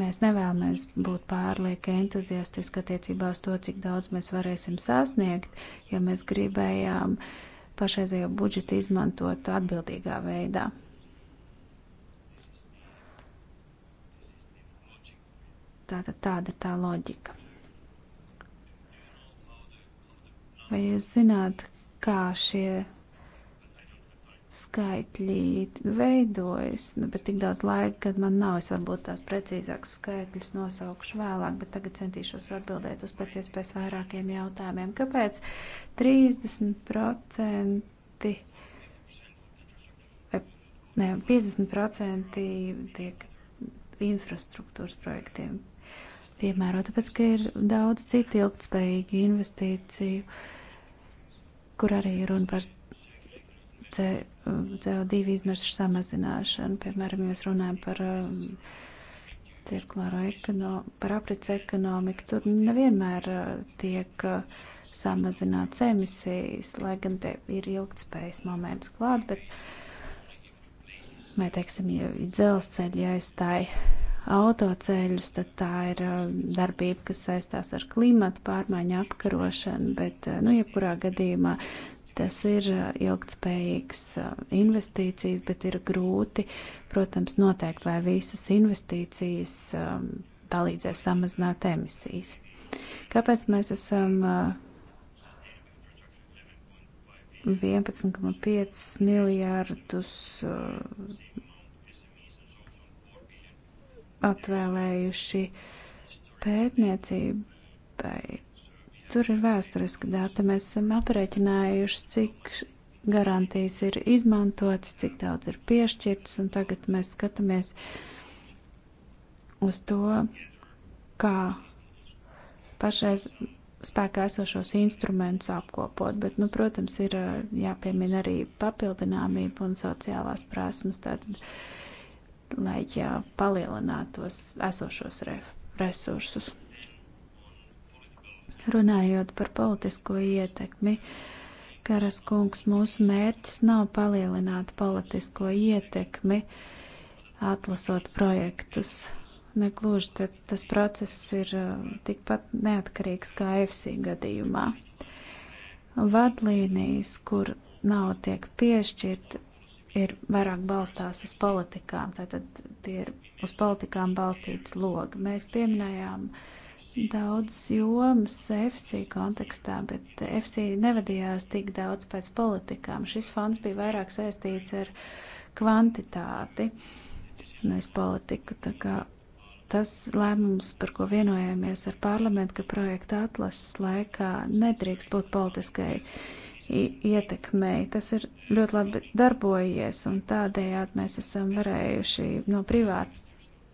Mēs nevēlamies būt pārlieki entuziastiski attiecībā uz to, cik daudz mēs varēsim sasniegt, ja mēs gribējām pašreizējo budžetu izmantot atbildīgā veidā. Tātad tāda ir tā loģika. Vai jūs zināt, kā šie skaitļi veidojas, nu, bet tik daudz laika, kad man nav, es varbūt tās precīzākas skaitļus nosaukšu vēlāk, bet tagad centīšos atbildēt uz pēc iespējas vairākiem jautājumiem. Kāpēc 30% vai ne, 50% tiek infrastruktūras projektiem piemērot? Tāpēc, ka ir daudz citu ilgtspējīgu investīciju, kur arī runa par CO2 izmešu samazināšanu. Piemēram, mēs runājam par um, cirkulāro ekonomiku, par aprits ekonomiku. Tur nevienmēr uh, tiek uh, samazināts emisijas, lai gan te ir ilgtspējas moments klāt, bet, vai teiksim, ja dzelzceļi aizstāja autoceļus, tad tā ir um, darbība, kas saistās ar klimatu pārmaiņu apkarošanu, bet, uh, nu, jebkurā gadījumā Tas ir ilgtspējīgs investīcijas, bet ir grūti, protams, noteikt, vai visas investīcijas palīdzēs samazināt emisijas. Kāpēc mēs esam 11,5 miljārdus atvēlējuši pētniecībai? Tur ir vēsturiska data. Mēs esam aprēķinājuši, cik garantijas ir izmantotas, cik daudz ir piešķirtas, un tagad mēs skatāmies uz to, kā pašreiz spēkā esošos instrumentus apkopot, bet, nu, protams, ir jāpiemina arī papildināmība un sociālās prasmes, tātad, lai jā, palielinātos esošos re, resursus. Runājot par politisko ietekmi, Karas kungs, mūsu mērķis nav palielināt politisko ietekmi, atlasot projektus. Negluži tas process ir uh, tikpat neatkarīgs kā FC gadījumā. Vadlīnijas, kur nav tiek piešķirt, ir vairāk balstās uz politikām, tātad tie ir uz politikām balstīti logi. Mēs pieminējām uh, daudz jomas FC kontekstā, bet FC nevadījās tik daudz pēc politikām. Šis fonds bija vairāk saistīts ar kvantitāti, nevis politiku. Tā kā tas lēmums, par ko vienojāmies ar parlamentu, ka projekta atlases laikā nedrīkst būt politiskai ietekmei. Tas ir ļoti labi darbojies, un tādējādi mēs esam varējuši no privāta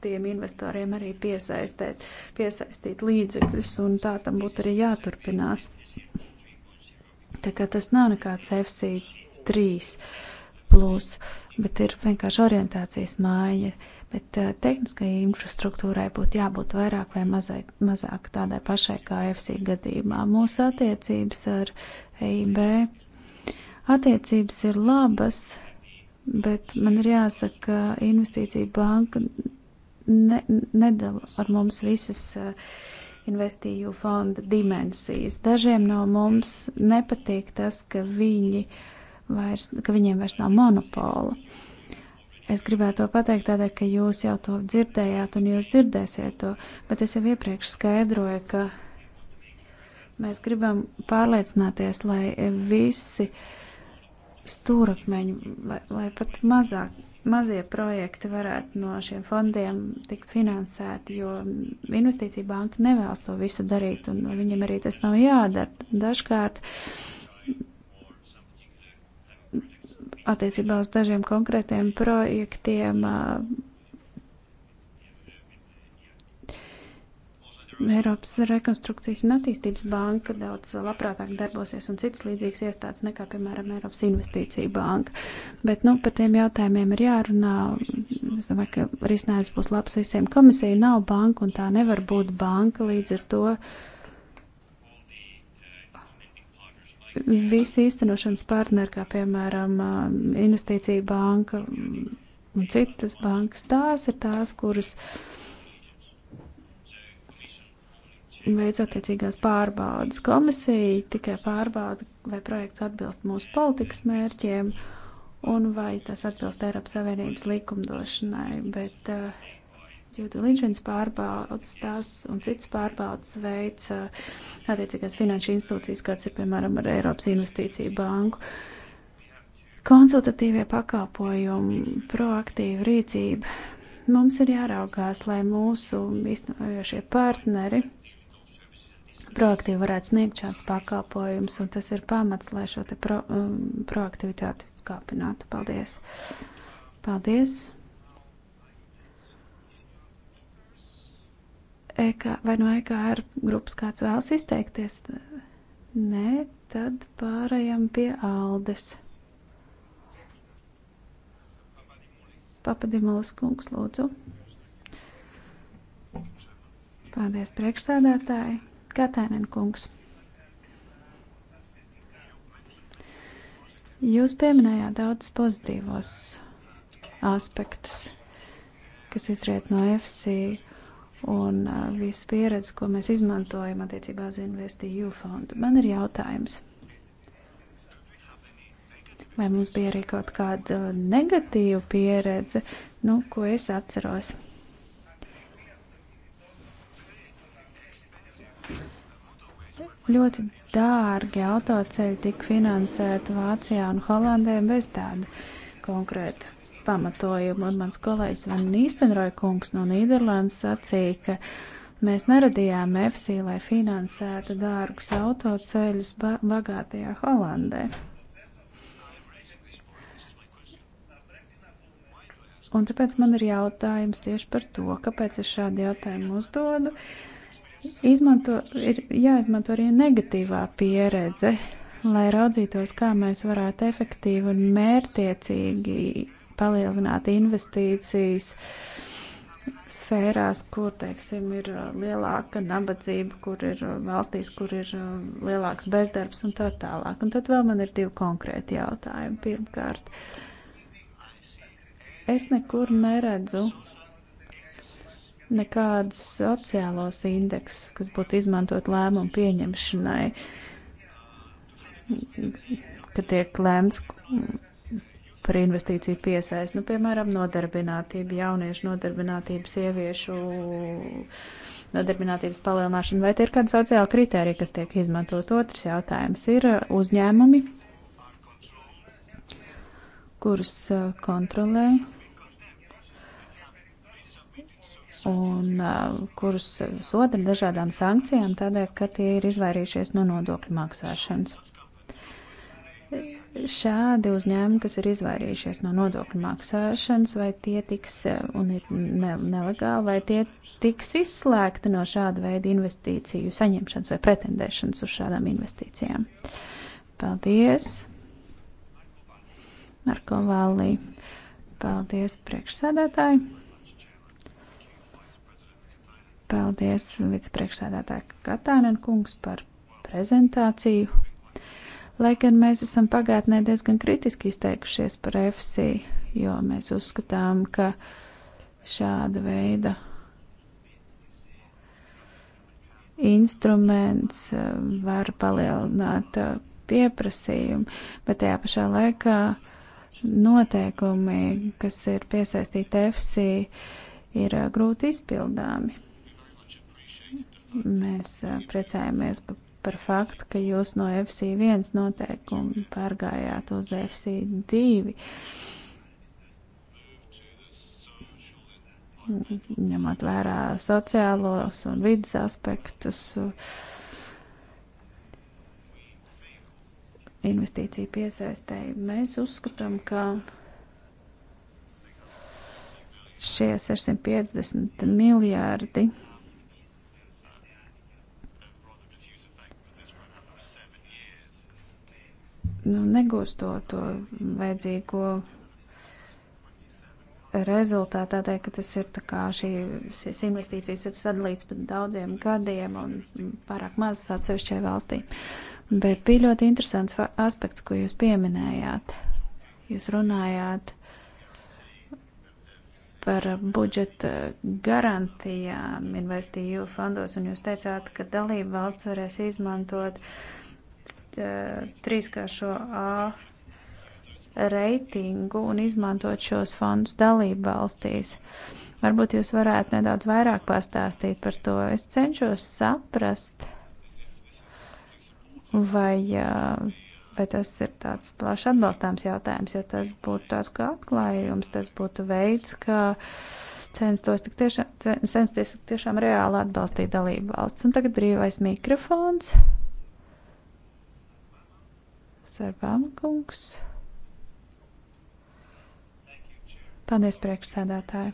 tiem investoriem arī piesaistēt, piesaistīt līdzekļus, un tā tam būtu arī jāturpinās. Tā kā tas nav nekāds FC3, plus, bet ir vienkārši orientācijas māja, bet uh, tehniskajai infrastruktūrai būtu jābūt vairāk vai mazai, mazāk tādai pašai kā FC gadījumā. Mūsu attiecības ar EIB attiecības ir labas, bet man ir jāsaka, ka investīcija banka ne, nedala ar mums visas eh, investīju fonda dimensijas. Dažiem no mums nepatīk tas, ka, viņi vairs, ka viņiem vairs nav monopola. Es gribētu to pateikt tādēļ, ka jūs jau to dzirdējāt un jūs dzirdēsiet to, bet es jau iepriekš skaidroju, ka mēs gribam pārliecināties, lai visi stūrakmeņi, lai, lai pat mazāk mazie projekti varētu no šiem fondiem tikt finansēti, jo investīcija banka nevēlas to visu darīt, un viņiem arī tas nav jādara. Dažkārt attiecībā uz dažiem konkrētiem projektiem. Uh, Eiropas rekonstrukcijas un attīstības banka daudz labprātāk darbosies un citas līdzīgas iestādes nekā, piemēram, Eiropas investīcija banka. Bet, nu, par tiem jautājumiem ir jārunā. Es domāju, ka risinājums būs labs visiem. Komisija nav banka un tā nevar būt banka līdz ar to. Visi īstenošanas partneri, kā piemēram investīcija banka un citas bankas, tās ir tās, kuras uh, veic attiecīgās pārbaudas. Komisija tikai pārbauda, vai projekts atbilst mūsu politikas mērķiem un vai tas atbilst Eiropas Savienības likumdošanai, bet uh, due diligence pārbaudas tās un citas pārbaudas veic uh, eh, attiecīgās finanšu institūcijas, kāds ir, piemēram, ar Eiropas Investīciju banku. Konsultatīvie pakāpojumi, proaktīva rīcība. Mums ir jāraugās, lai mūsu īstenojošie partneri proaktīvi varētu sniegt šāds pakalpojums, un tas ir pamats, lai šo te pro, um, proaktivitāti kāpinātu. Paldies! Paldies! EK, vai no EKR grupas kāds vēlas izteikties? Nē, tad pārējām pie Aldes. Papadimulis kungs, lūdzu. Paldies, priekšsēdētāji! Katēnen kungs. Jūs pieminējāt daudz pozitīvos aspektus, kas izriet no FC un uh, visu pieredzi, ko mēs izmantojam attiecībā uz investīju fondu. Man ir jautājums. Vai mums bija arī kaut kāda negatīva pieredze, nu, ko es atceros? Ļoti dārgi autoceļi tika finansēti Vācijā un Holandē bez tāda konkrēta pamatojuma. Un mans kolēģis Van Nīstenroja kungs no Nīderlandes sacīja, ka mēs neradījām EFSI, lai finansētu dārgus autoceļus bagātajā Holandē. Un tāpēc man ir jautājums tieši par to, kāpēc es šādu jautājumu uzdodu. Uh, Izmanto, ir jāizmanto arī negatīvā pieredze, lai raudzītos, kā mēs varētu efektīvi un mērtiecīgi palielināt investīcijas sfērās, kur, teiksim, ir uh, lielāka nabadzība, kur ir uh, valstīs, kur ir uh, lielāks bezdarbs un tā tālāk. Un tad vēl man ir divi konkrēti jautājumi. Pirmkārt, es nekur neredzu nekādus sociālos indeksus, kas būtu izmantot lēmumu pieņemšanai, kad tiek lēmts par investīciju piesaist, nu, piemēram, nodarbinātību, jauniešu nodarbinātību, sieviešu nodarbinātības palielināšanu, vai tie ir kādi sociāli kriteriji, kas tiek izmantot? Otrs jautājums ir uh, uzņēmumi, kurus uh, kontrolē un kurus soda ar dažādām sankcijām tādēļ, ka tie ir izvairījušies no nodokļu maksāšanas. Šādi uzņēmumi, kas ir izvairījušies no nodokļu maksāšanas, vai tie tiks un ir ne, nelegāli, vai tie tiks izslēgti no šāda veida investīciju saņemšanas vai pretendēšanas uz šādām investīcijām. Paldies! Marko Vallī. Paldies priekšsēdētāji! Paldies vicepriekšsēdētāja Katānen kungs par prezentāciju. Lai gan mēs esam pagātnē diezgan kritiski izteikušies par FC, jo mēs uzskatām, ka šāda veida instruments eh, var palielināt eh, pieprasījumu, bet tajā pašā laikā noteikumi, kas ir piesaistīti FC, ir eh, grūti izpildāmi. Mēs priecājamies par faktu, ka jūs no FC1 noteikumu pārgājāt uz FC2. ņemot vērā sociālos un vidas aspektus, investīciju piesaistēji. Mēs uzskatām, ka šie 650 miljārdi nu, negūs to, to vajadzīgo rezultātā, tā ka tas ir tā kā šī, šīs investīcijas ir sadalīts pat daudziem gadiem un pārāk mazas atsevišķai valstī. Bet bija ļoti interesants aspekts, ko jūs pieminējāt. Jūs runājāt par budžeta garantijām investīju fondos, un jūs teicāt, ka dalība valsts varēs izmantot uh, Eh, trīskāršo A reitingu un izmantot šos fondus dalību valstīs. Varbūt jūs varētu nedaudz vairāk pastāstīt par to. Es cenšos saprast, vai, eh, vai tas ir tāds plaši atbalstāms jautājums, jo tas būtu tāds kā atklājums, tas būtu veids, kā censtos tik tiešām, censties tiešām reāli atbalstīt dalību valsts. Un tagad brīvais mikrofons. Sarvām kungs. Paldies, priekšsēdētāji.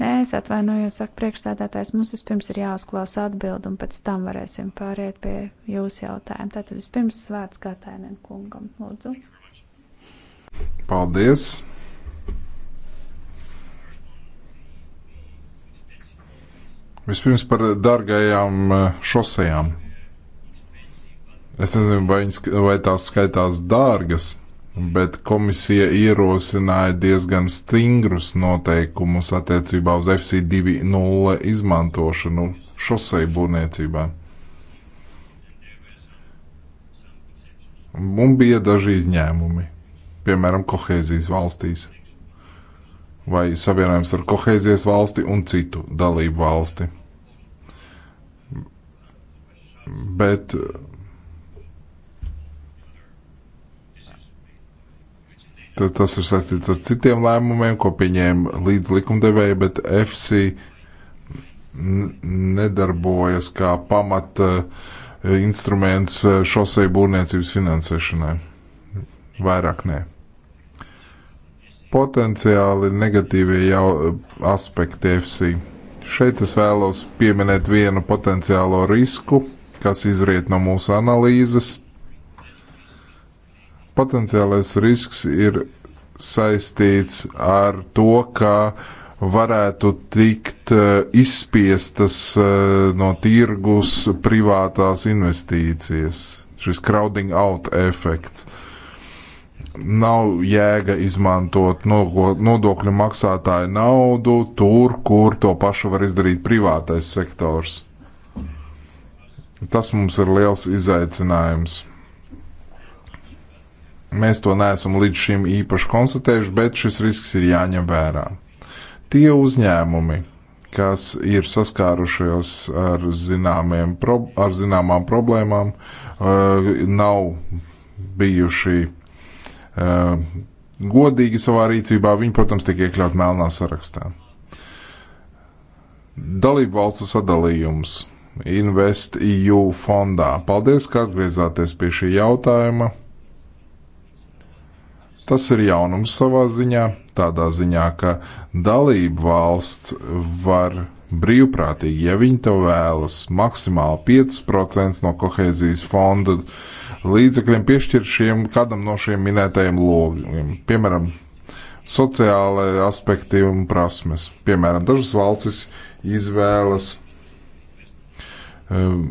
Nē, es atvainojos, saka priekšsēdētājs, mums vispirms ir jāuzklausa atbild, un pēc tam varēsim pāriet pie jūsu jautājuma. Tātad vispirms svēts Gatainen kungam, lūdzu. Paldies! Vispirms par dārgajām šosejām. Es nezinu, vai, viņas, vai tās skaitās dārgas, bet komisija ierosināja diezgan stingrus noteikumus attiecībā uz FC 2.0 izmantošanu šosei būvniecībā. Un bija daži izņēmumi, piemēram, kohēzijas valstīs vai savienojums ar kohēzijas valsti un citu dalību valsti. Bet Tad tas ir saistīts ar citiem lēmumiem, ko pieņēma līdz likumdevēja, bet FC nedarbojas kā pamata eh, instruments eh, šosei būvniecības finansēšanai. Vairāk nē. Potenciāli negatīvie jau eh, aspekti FC. Šeit es vēlos pieminēt vienu potenciālo risku, kas izriet no mūsu analīzes Potenciālais risks ir saistīts ar to, ka varētu tikt eh, izspiestas eh, no tirgus privātās investīcijas. Šis crowding out efekts nav jēga izmantot nodokļu maksātāju naudu tur, kur to pašu var izdarīt privātais sektors. Tas mums ir liels izaicinājums. Mēs to neesam līdz šim īpaši konstatējuši, bet šis risks ir jāņem vērā. Tie uzņēmumi, kas ir saskārušies ar, pro, ar zināmām problēmām, uh, nav bijuši uh, godīgi savā rīcībā, viņi, protams, tiek iekļaut melnā sarakstā. Dalību valstu sadalījums InvestEU fondā. Paldies, ka atgriezāties pie šī jautājuma. Tas ir jaunums savā ziņā, tādā ziņā, ka dalība valsts var brīvprātīgi, ja viņi to vēlas, maksimāli 5% no kohēzijas fonda līdzekļiem piešķirt šiem kādam no šiem minētajiem logiem. Piemēram, sociālai aspekti un prasmes. Piemēram, dažas valstis izvēlas um,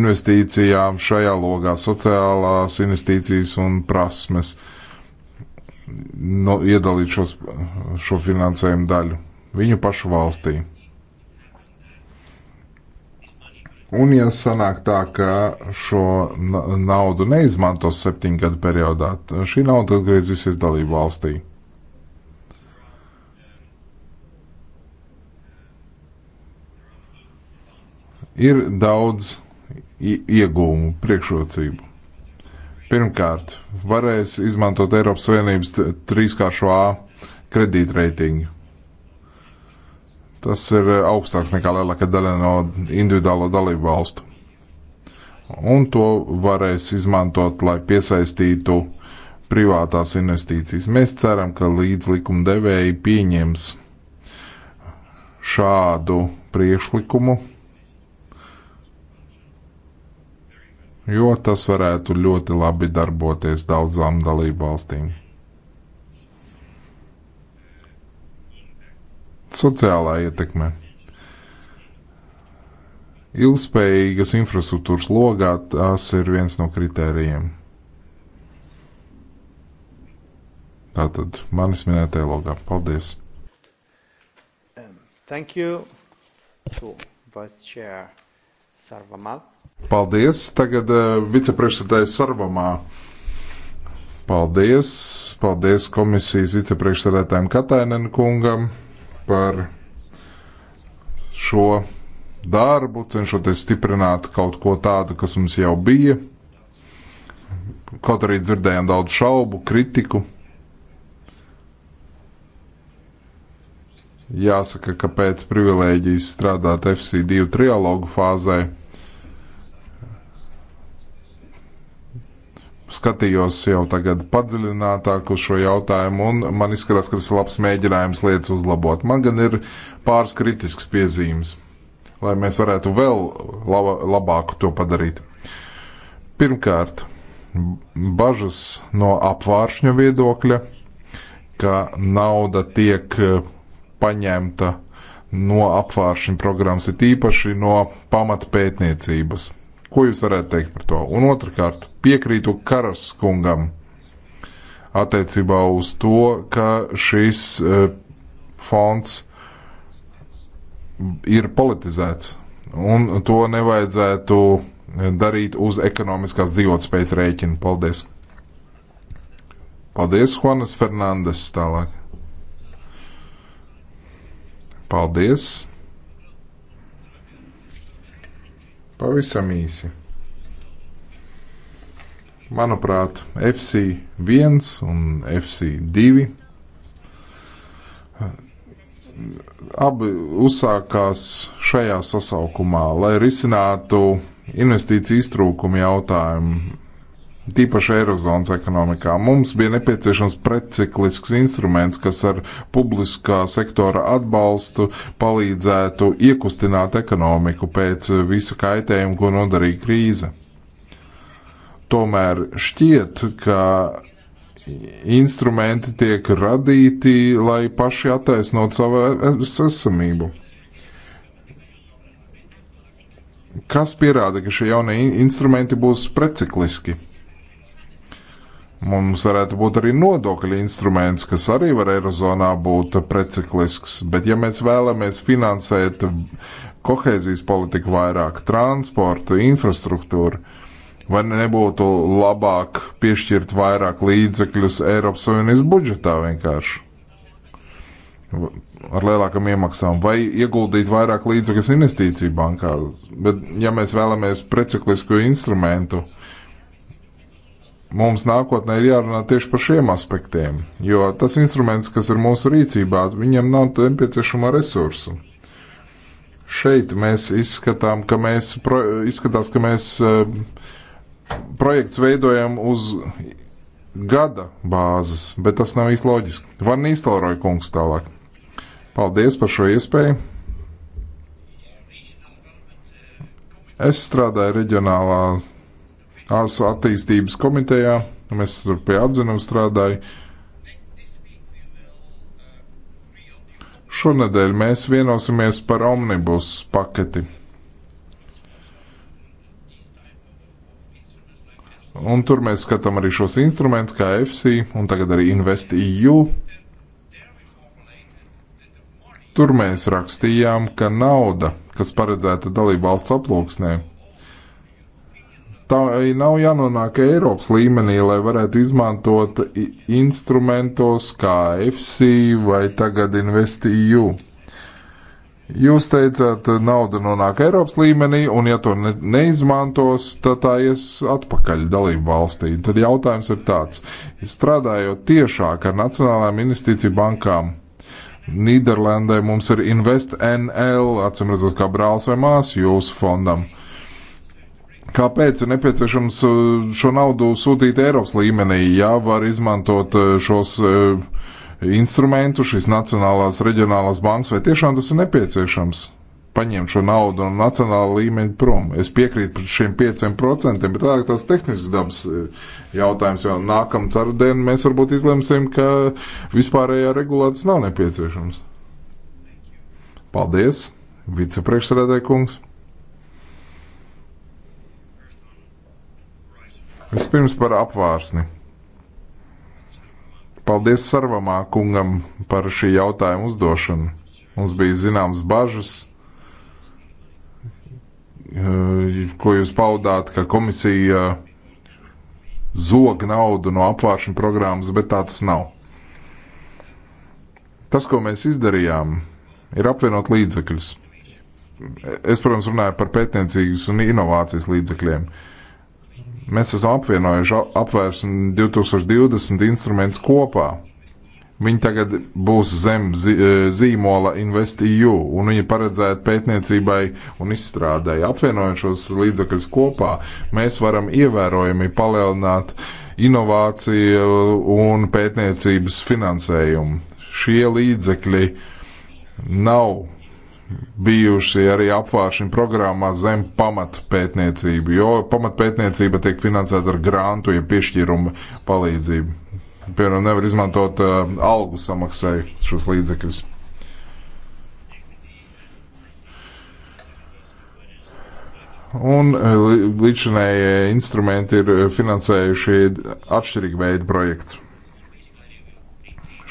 investīcijām šajā logā sociālās investīcijas un prasmes. Uh, no, iedalīt šos, šo finansējumu daļu viņu pašu valstī. Un, ja sanāk tā, ka šo naudu neizmantos septiņu gadu periodā, šī nauda atgriezīsies dalību valstī. Ir daudz iegūmu, priekšrocību. Pirmkārt, varēs izmantot Eiropas Savienības trīskāršo A kredītreitingu. Tas ir eh, augstāks nekā lielākā daļa no individuālo dalību valstu. Un to varēs izmantot, lai piesaistītu privātās investīcijas. Mēs ceram, ka līdzlikuma devēji pieņems šādu priekšlikumu jo tas varētu ļoti labi darboties daudzām dalību valstīm. Sociālā ietekme. Ilgspējīgas infrastruktūras logā tas ir viens no kritērijiem. Tātad manis minētajā logā. Paldies! Um, thank you to Vice Chair Sarvamal. Paldies! Tagad uh, vicepriekšsēdētājs Sarvamā. Paldies! Paldies komisijas vicepriekšsēdētājiem Katainen kungam par šo darbu, cenšoties stiprināt kaut ko tādu, kas mums jau bija. Kaut arī dzirdējām daudz šaubu, kritiku. Jāsaka, ka pēc privilēģijas strādāt FC2 trialogu fāzē skatījos jau tagad padziļinātāk uz šo jautājumu, un man izskatās, ka tas ir labs mēģinājums lietas uzlabot. Man gan ir pāris kritisks piezīmes, lai mēs varētu vēl laba, labāku to padarīt. Pirmkārt, bažas no apvāršņa viedokļa, ka nauda tiek eh, paņemta no apvāršņa programmas, ir tīpaši no pamatpētniecības Ko jūs varētu teikt par to? Un otrkārt, piekrītu Karas kungam attiecībā uz to, ka šis e, fonds ir politizēts un to nevajadzētu darīt uz ekonomiskās dzīvotspējas rēķina. Paldies! Paldies, Juanas Fernandes, tālāk. Paldies! Pavisam īsi. Manuprāt, FC1 un FC2 abi uzsākās šajā sasaukumā, lai risinātu investīciju iztrūkumu jautājumu tīpaši Eirozonas ekonomikā. Mums bija nepieciešams preciklisks instruments, kas ar publiskā sektora atbalstu palīdzētu iekustināt ekonomiku pēc visa kaitējuma, ko nodarīja krīze. Tomēr šķiet, ka instrumenti tiek radīti, lai paši attaisnot savu esamību. Kas pierāda, ka šie jaunie instrumenti būs precikliski? Mums varētu būt arī nodokļu instruments, kas arī var Eirozonā būt preciklisks, bet ja mēs vēlamies finansēt kohēzijas politiku vairāk, transportu, infrastruktūru, vai nebūtu labāk piešķirt vairāk līdzekļus Eiropas Savienības budžetā vienkārši? ar lielākām iemaksām, vai ieguldīt vairāk līdzekļus investīciju bankā. Bet, ja mēs vēlamies preciklisku instrumentu, mums nākotnē ir jārunā tieši par šiem aspektiem, jo tas instruments, kas ir mūsu rīcībā, viņam nav nepieciešama resursu. Šeit mēs izskatām, ka mēs, pro, izskatās, ka mēs e, projekts veidojam uz gada bāzes, bet tas nav īsti loģiski. Van Nīstelroja kungs tālāk. Paldies par šo iespēju. Es strādāju reģionālā ASV attīstības komitejā, mēs tur pie atzinuma strādājam. Šonadēļ mēs vienosimies par omnibus paketi. Un tur mēs skatām arī šos instrumentus, kā FC un tagad arī InvestEU. Tur mēs rakstījām, ka nauda, kas paredzēta dalību valsts aploksnē, Tā nav jānonāk Eiropas līmenī, lai varētu izmantot instrumentos kā FC vai tagad InvestEU. Jūs teicāt, nauda nonāk Eiropas līmenī, un ja to ne, neizmantos, tad tā ies atpakaļ dalību valstī. Tad jautājums ir tāds, strādājot tiešāk ar Nacionālajām investīciju bankām, Nīderlandē mums ir InvestNL, atcīmredzot kā brālis vai māsu jūsu fondam. Uh, Kāpēc ir nepieciešams uh, šo naudu sūtīt Eiropas līmenī, ja var izmantot uh, šos uh, instrumentu, šīs nacionālās, reģionālās bankas, vai tiešām tas ir nepieciešams? Paņemt šo naudu no nacionāla līmeņa prom. Es piekrītu par šiem pieciem procentiem, bet tālāk tās tehnisks dabas jautājums, jo nākamā ceturtdiena mēs varbūt izlemsim, ka vispārējā regulācija nav nepieciešams. Paldies, vicepriekšsēdētāj kungs! Vispirms par apvārsni. Paldies Sarvamā kungam par šī jautājuma uzdošanu. Mums bija zināms bažas, eh, ko jūs paudāt, ka komisija zog naudu no apvāršana programmas, bet tā tas nav. Tas, ko mēs izdarījām, ir apvienot līdzekļus. Es, protams, runāju par pētniecības un inovācijas līdzekļiem. Uh, Mēs esam apvienojuši apvērsni 2020 instruments kopā. Viņi tagad būs zem e, zīmola InvestEU, un viņi paredzēta pētniecībai un izstrādēji. Apvienojot šos līdzekļus kopā, mēs varam ievērojami palielināt inovāciju un pētniecības finansējumu. Šie līdzekļi nav bijuši arī apvāršana programmā zem pamatpētniecību, jo pamatpētniecība tiek finansēta ar grantu, ja piešķīrumu palīdzību. Piemēram, nevar izmantot uh, algu samaksai šos līdzekļus. Un eh, līdzinējie instrumenti ir eh, finansējuši atšķirīgu veidu projektu.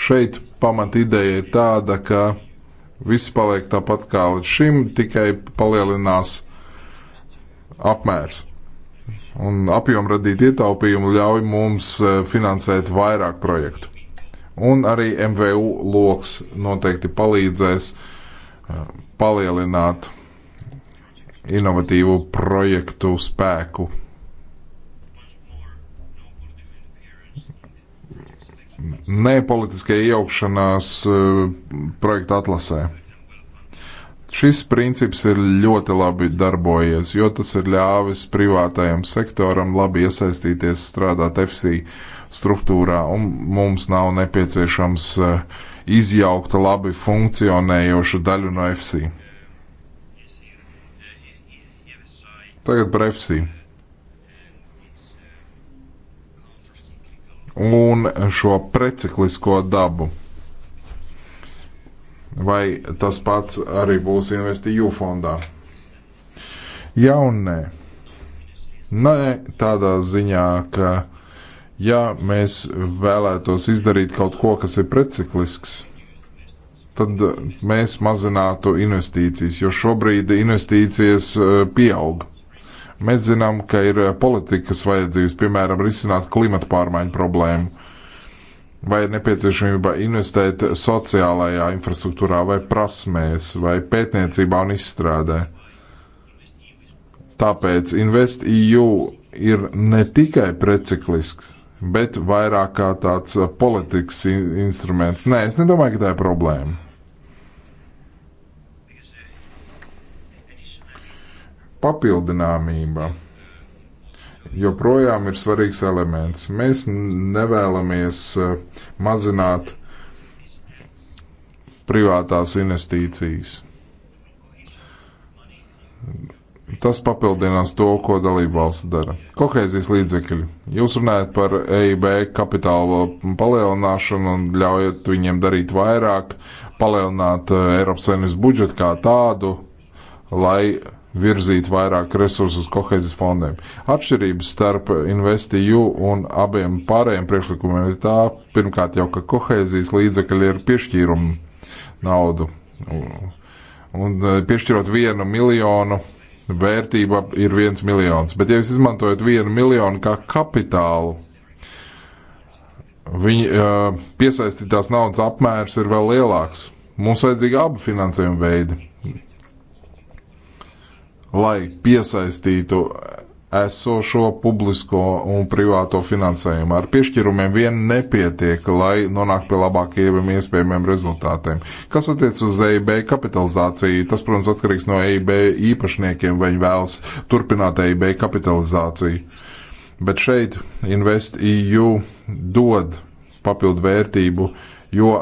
Šeit pamat ideja ir tāda, ka Viss paliek tāpat kā līdz šim, tikai palielinās apmērs. Un apjomu radīt ietaupījumu ļauj mums e, finansēt vairāk projektu. Un arī MVU loks noteikti palīdzēs e, palielināt inovatīvu projektu spēku. nepolitiskai iejaukšanās eh, projekta atlasē. Šis princips ir ļoti labi darbojies, jo tas ir ļāvis privātajam sektoram labi iesaistīties, strādāt FC struktūrā, un mums nav nepieciešams eh, izjaukt labi funkcionējošu daļu no FC. Tagad par FC. un šo preciklisko dabu. Vai tas pats arī būs investīju fondā? Jā un nē. Nē, tādā ziņā, ka ja mēs vēlētos izdarīt kaut ko, kas ir preciklisks, tad mēs mazinātu investīcijas, jo šobrīd investīcijas eh, pieauga. Mēs zinām, ka ir eh, politikas vajadzības, piemēram, risināt klimata pārmaiņu problēmu, vai ir nepieciešamība investēt sociālajā infrastruktūrā, vai prasmēs, vai pētniecībā un izstrādē. Tāpēc InvestEU ir ne tikai preciklisks, bet vairāk kā tāds eh, politikas instruments. Nē, es nedomāju, ka tā ir problēma. papildināmība joprojām ir svarīgs elements. Mēs nevēlamies eh, mazināt privātās investīcijas. Tas papildinās to, ko dalībvalsts dara. Kohēzijas līdzekļi. Jūs runājat par EIB kapitāla palielināšanu un ļaujat viņiem darīt vairāk, palielināt eh, Eiropas Savienības budžetu kā tādu, lai virzīt vairāk resursus kohēzijas fondiem. Atšķirības starp investīju un abiem pārējiem priekšlikumiem ir tā, pirmkārt jau, ka kohēzijas līdzekļi ir piešķīrumi naudu. Un e, piešķirot vienu miljonu, vērtība ir viens miljons. Bet ja jūs izmantojat vienu miljonu kā kapitālu, viņi uh, piesaistītās naudas apmērs ir vēl lielāks. Mums vajadzīgi abi finansējuma veidi lai piesaistītu esošo publisko un privāto finansējumu. Ar piešķirumiem vien nepietiek, lai nonāktu pie labākajiem iespējamiem rezultātiem. Kas attiec uz EIB kapitalizāciju, tas, protams, atkarīgs no EIB īpašniekiem, vai viņi vēlas turpināt EIB kapitalizāciju. Bet šeit Invest EU dod papildu vērtību, jo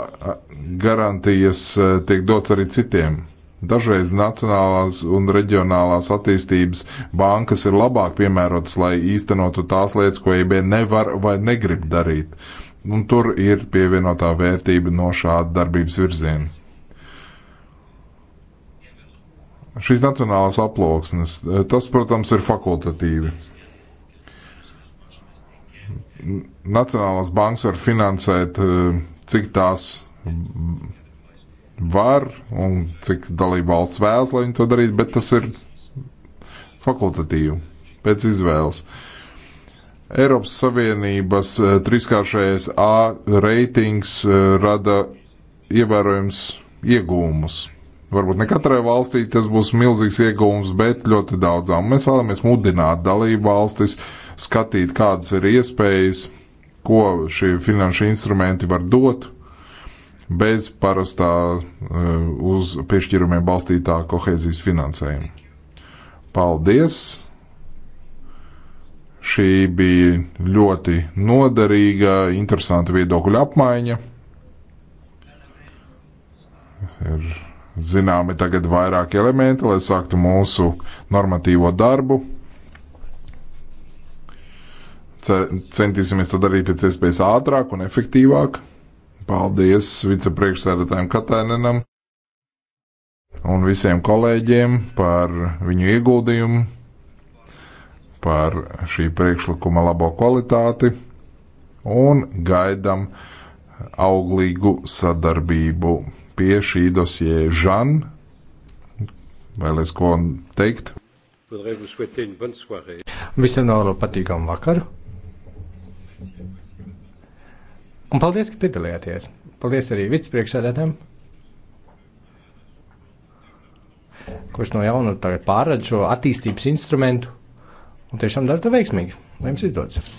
garantijas tiek dots arī citiem Dažreiz Nacionālās un reģionālās attīstības bankas ir labāk piemērotas, lai īstenotu tās lietas, ko EIB nevar vai negrib darīt. Un tur ir pievienotā vērtība no šāda darbības virziena. Šīs nacionālās aploksnes, tas, protams, ir fakultatīvi. Nacionālās bankas var finansēt, eh, cik tās var un cik dalība valsts vēlas, lai viņi to darītu, bet tas ir fakultatīvi, pēc izvēles. Eiropas Savienības eh, trīskāršais A reitings eh, rada ievērojams iegūmus. Varbūt ne katrai valstī tas būs milzīgs iegūms, bet ļoti daudzām. Mēs vēlamies mudināt dalību valstis, skatīt, kādas ir iespējas, ko šie finanšu instrumenti var dot, bez parastā e, uz piešķirumiem balstītā kohēzijas finansējuma. Paldies! Šī bija ļoti noderīga, interesanta viedokļa apmaiņa. Ir zināmi tagad vairāk elementi, lai sāktu mūsu normatīvo darbu centīsimies to darīt pēc iespējas ātrāk un efektīvāk. Paldies vicepriekšsēdētājiem Katēnenam un visiem kolēģiem par viņu ieguldījumu, par šī priekšlikuma labo kvalitāti un gaidam auglīgu sadarbību pie šī dosie Žan. Vēlēs ko teikt? Visiem nav patīkamu vakaru. Un paldies, ka piedalījāties. Paldies arī vicepriekšsēdētājiem, kurš no jauna tagad pārredz šo attīstības instrumentu un tiešām dara to veiksmīgi, lai jums izdodas.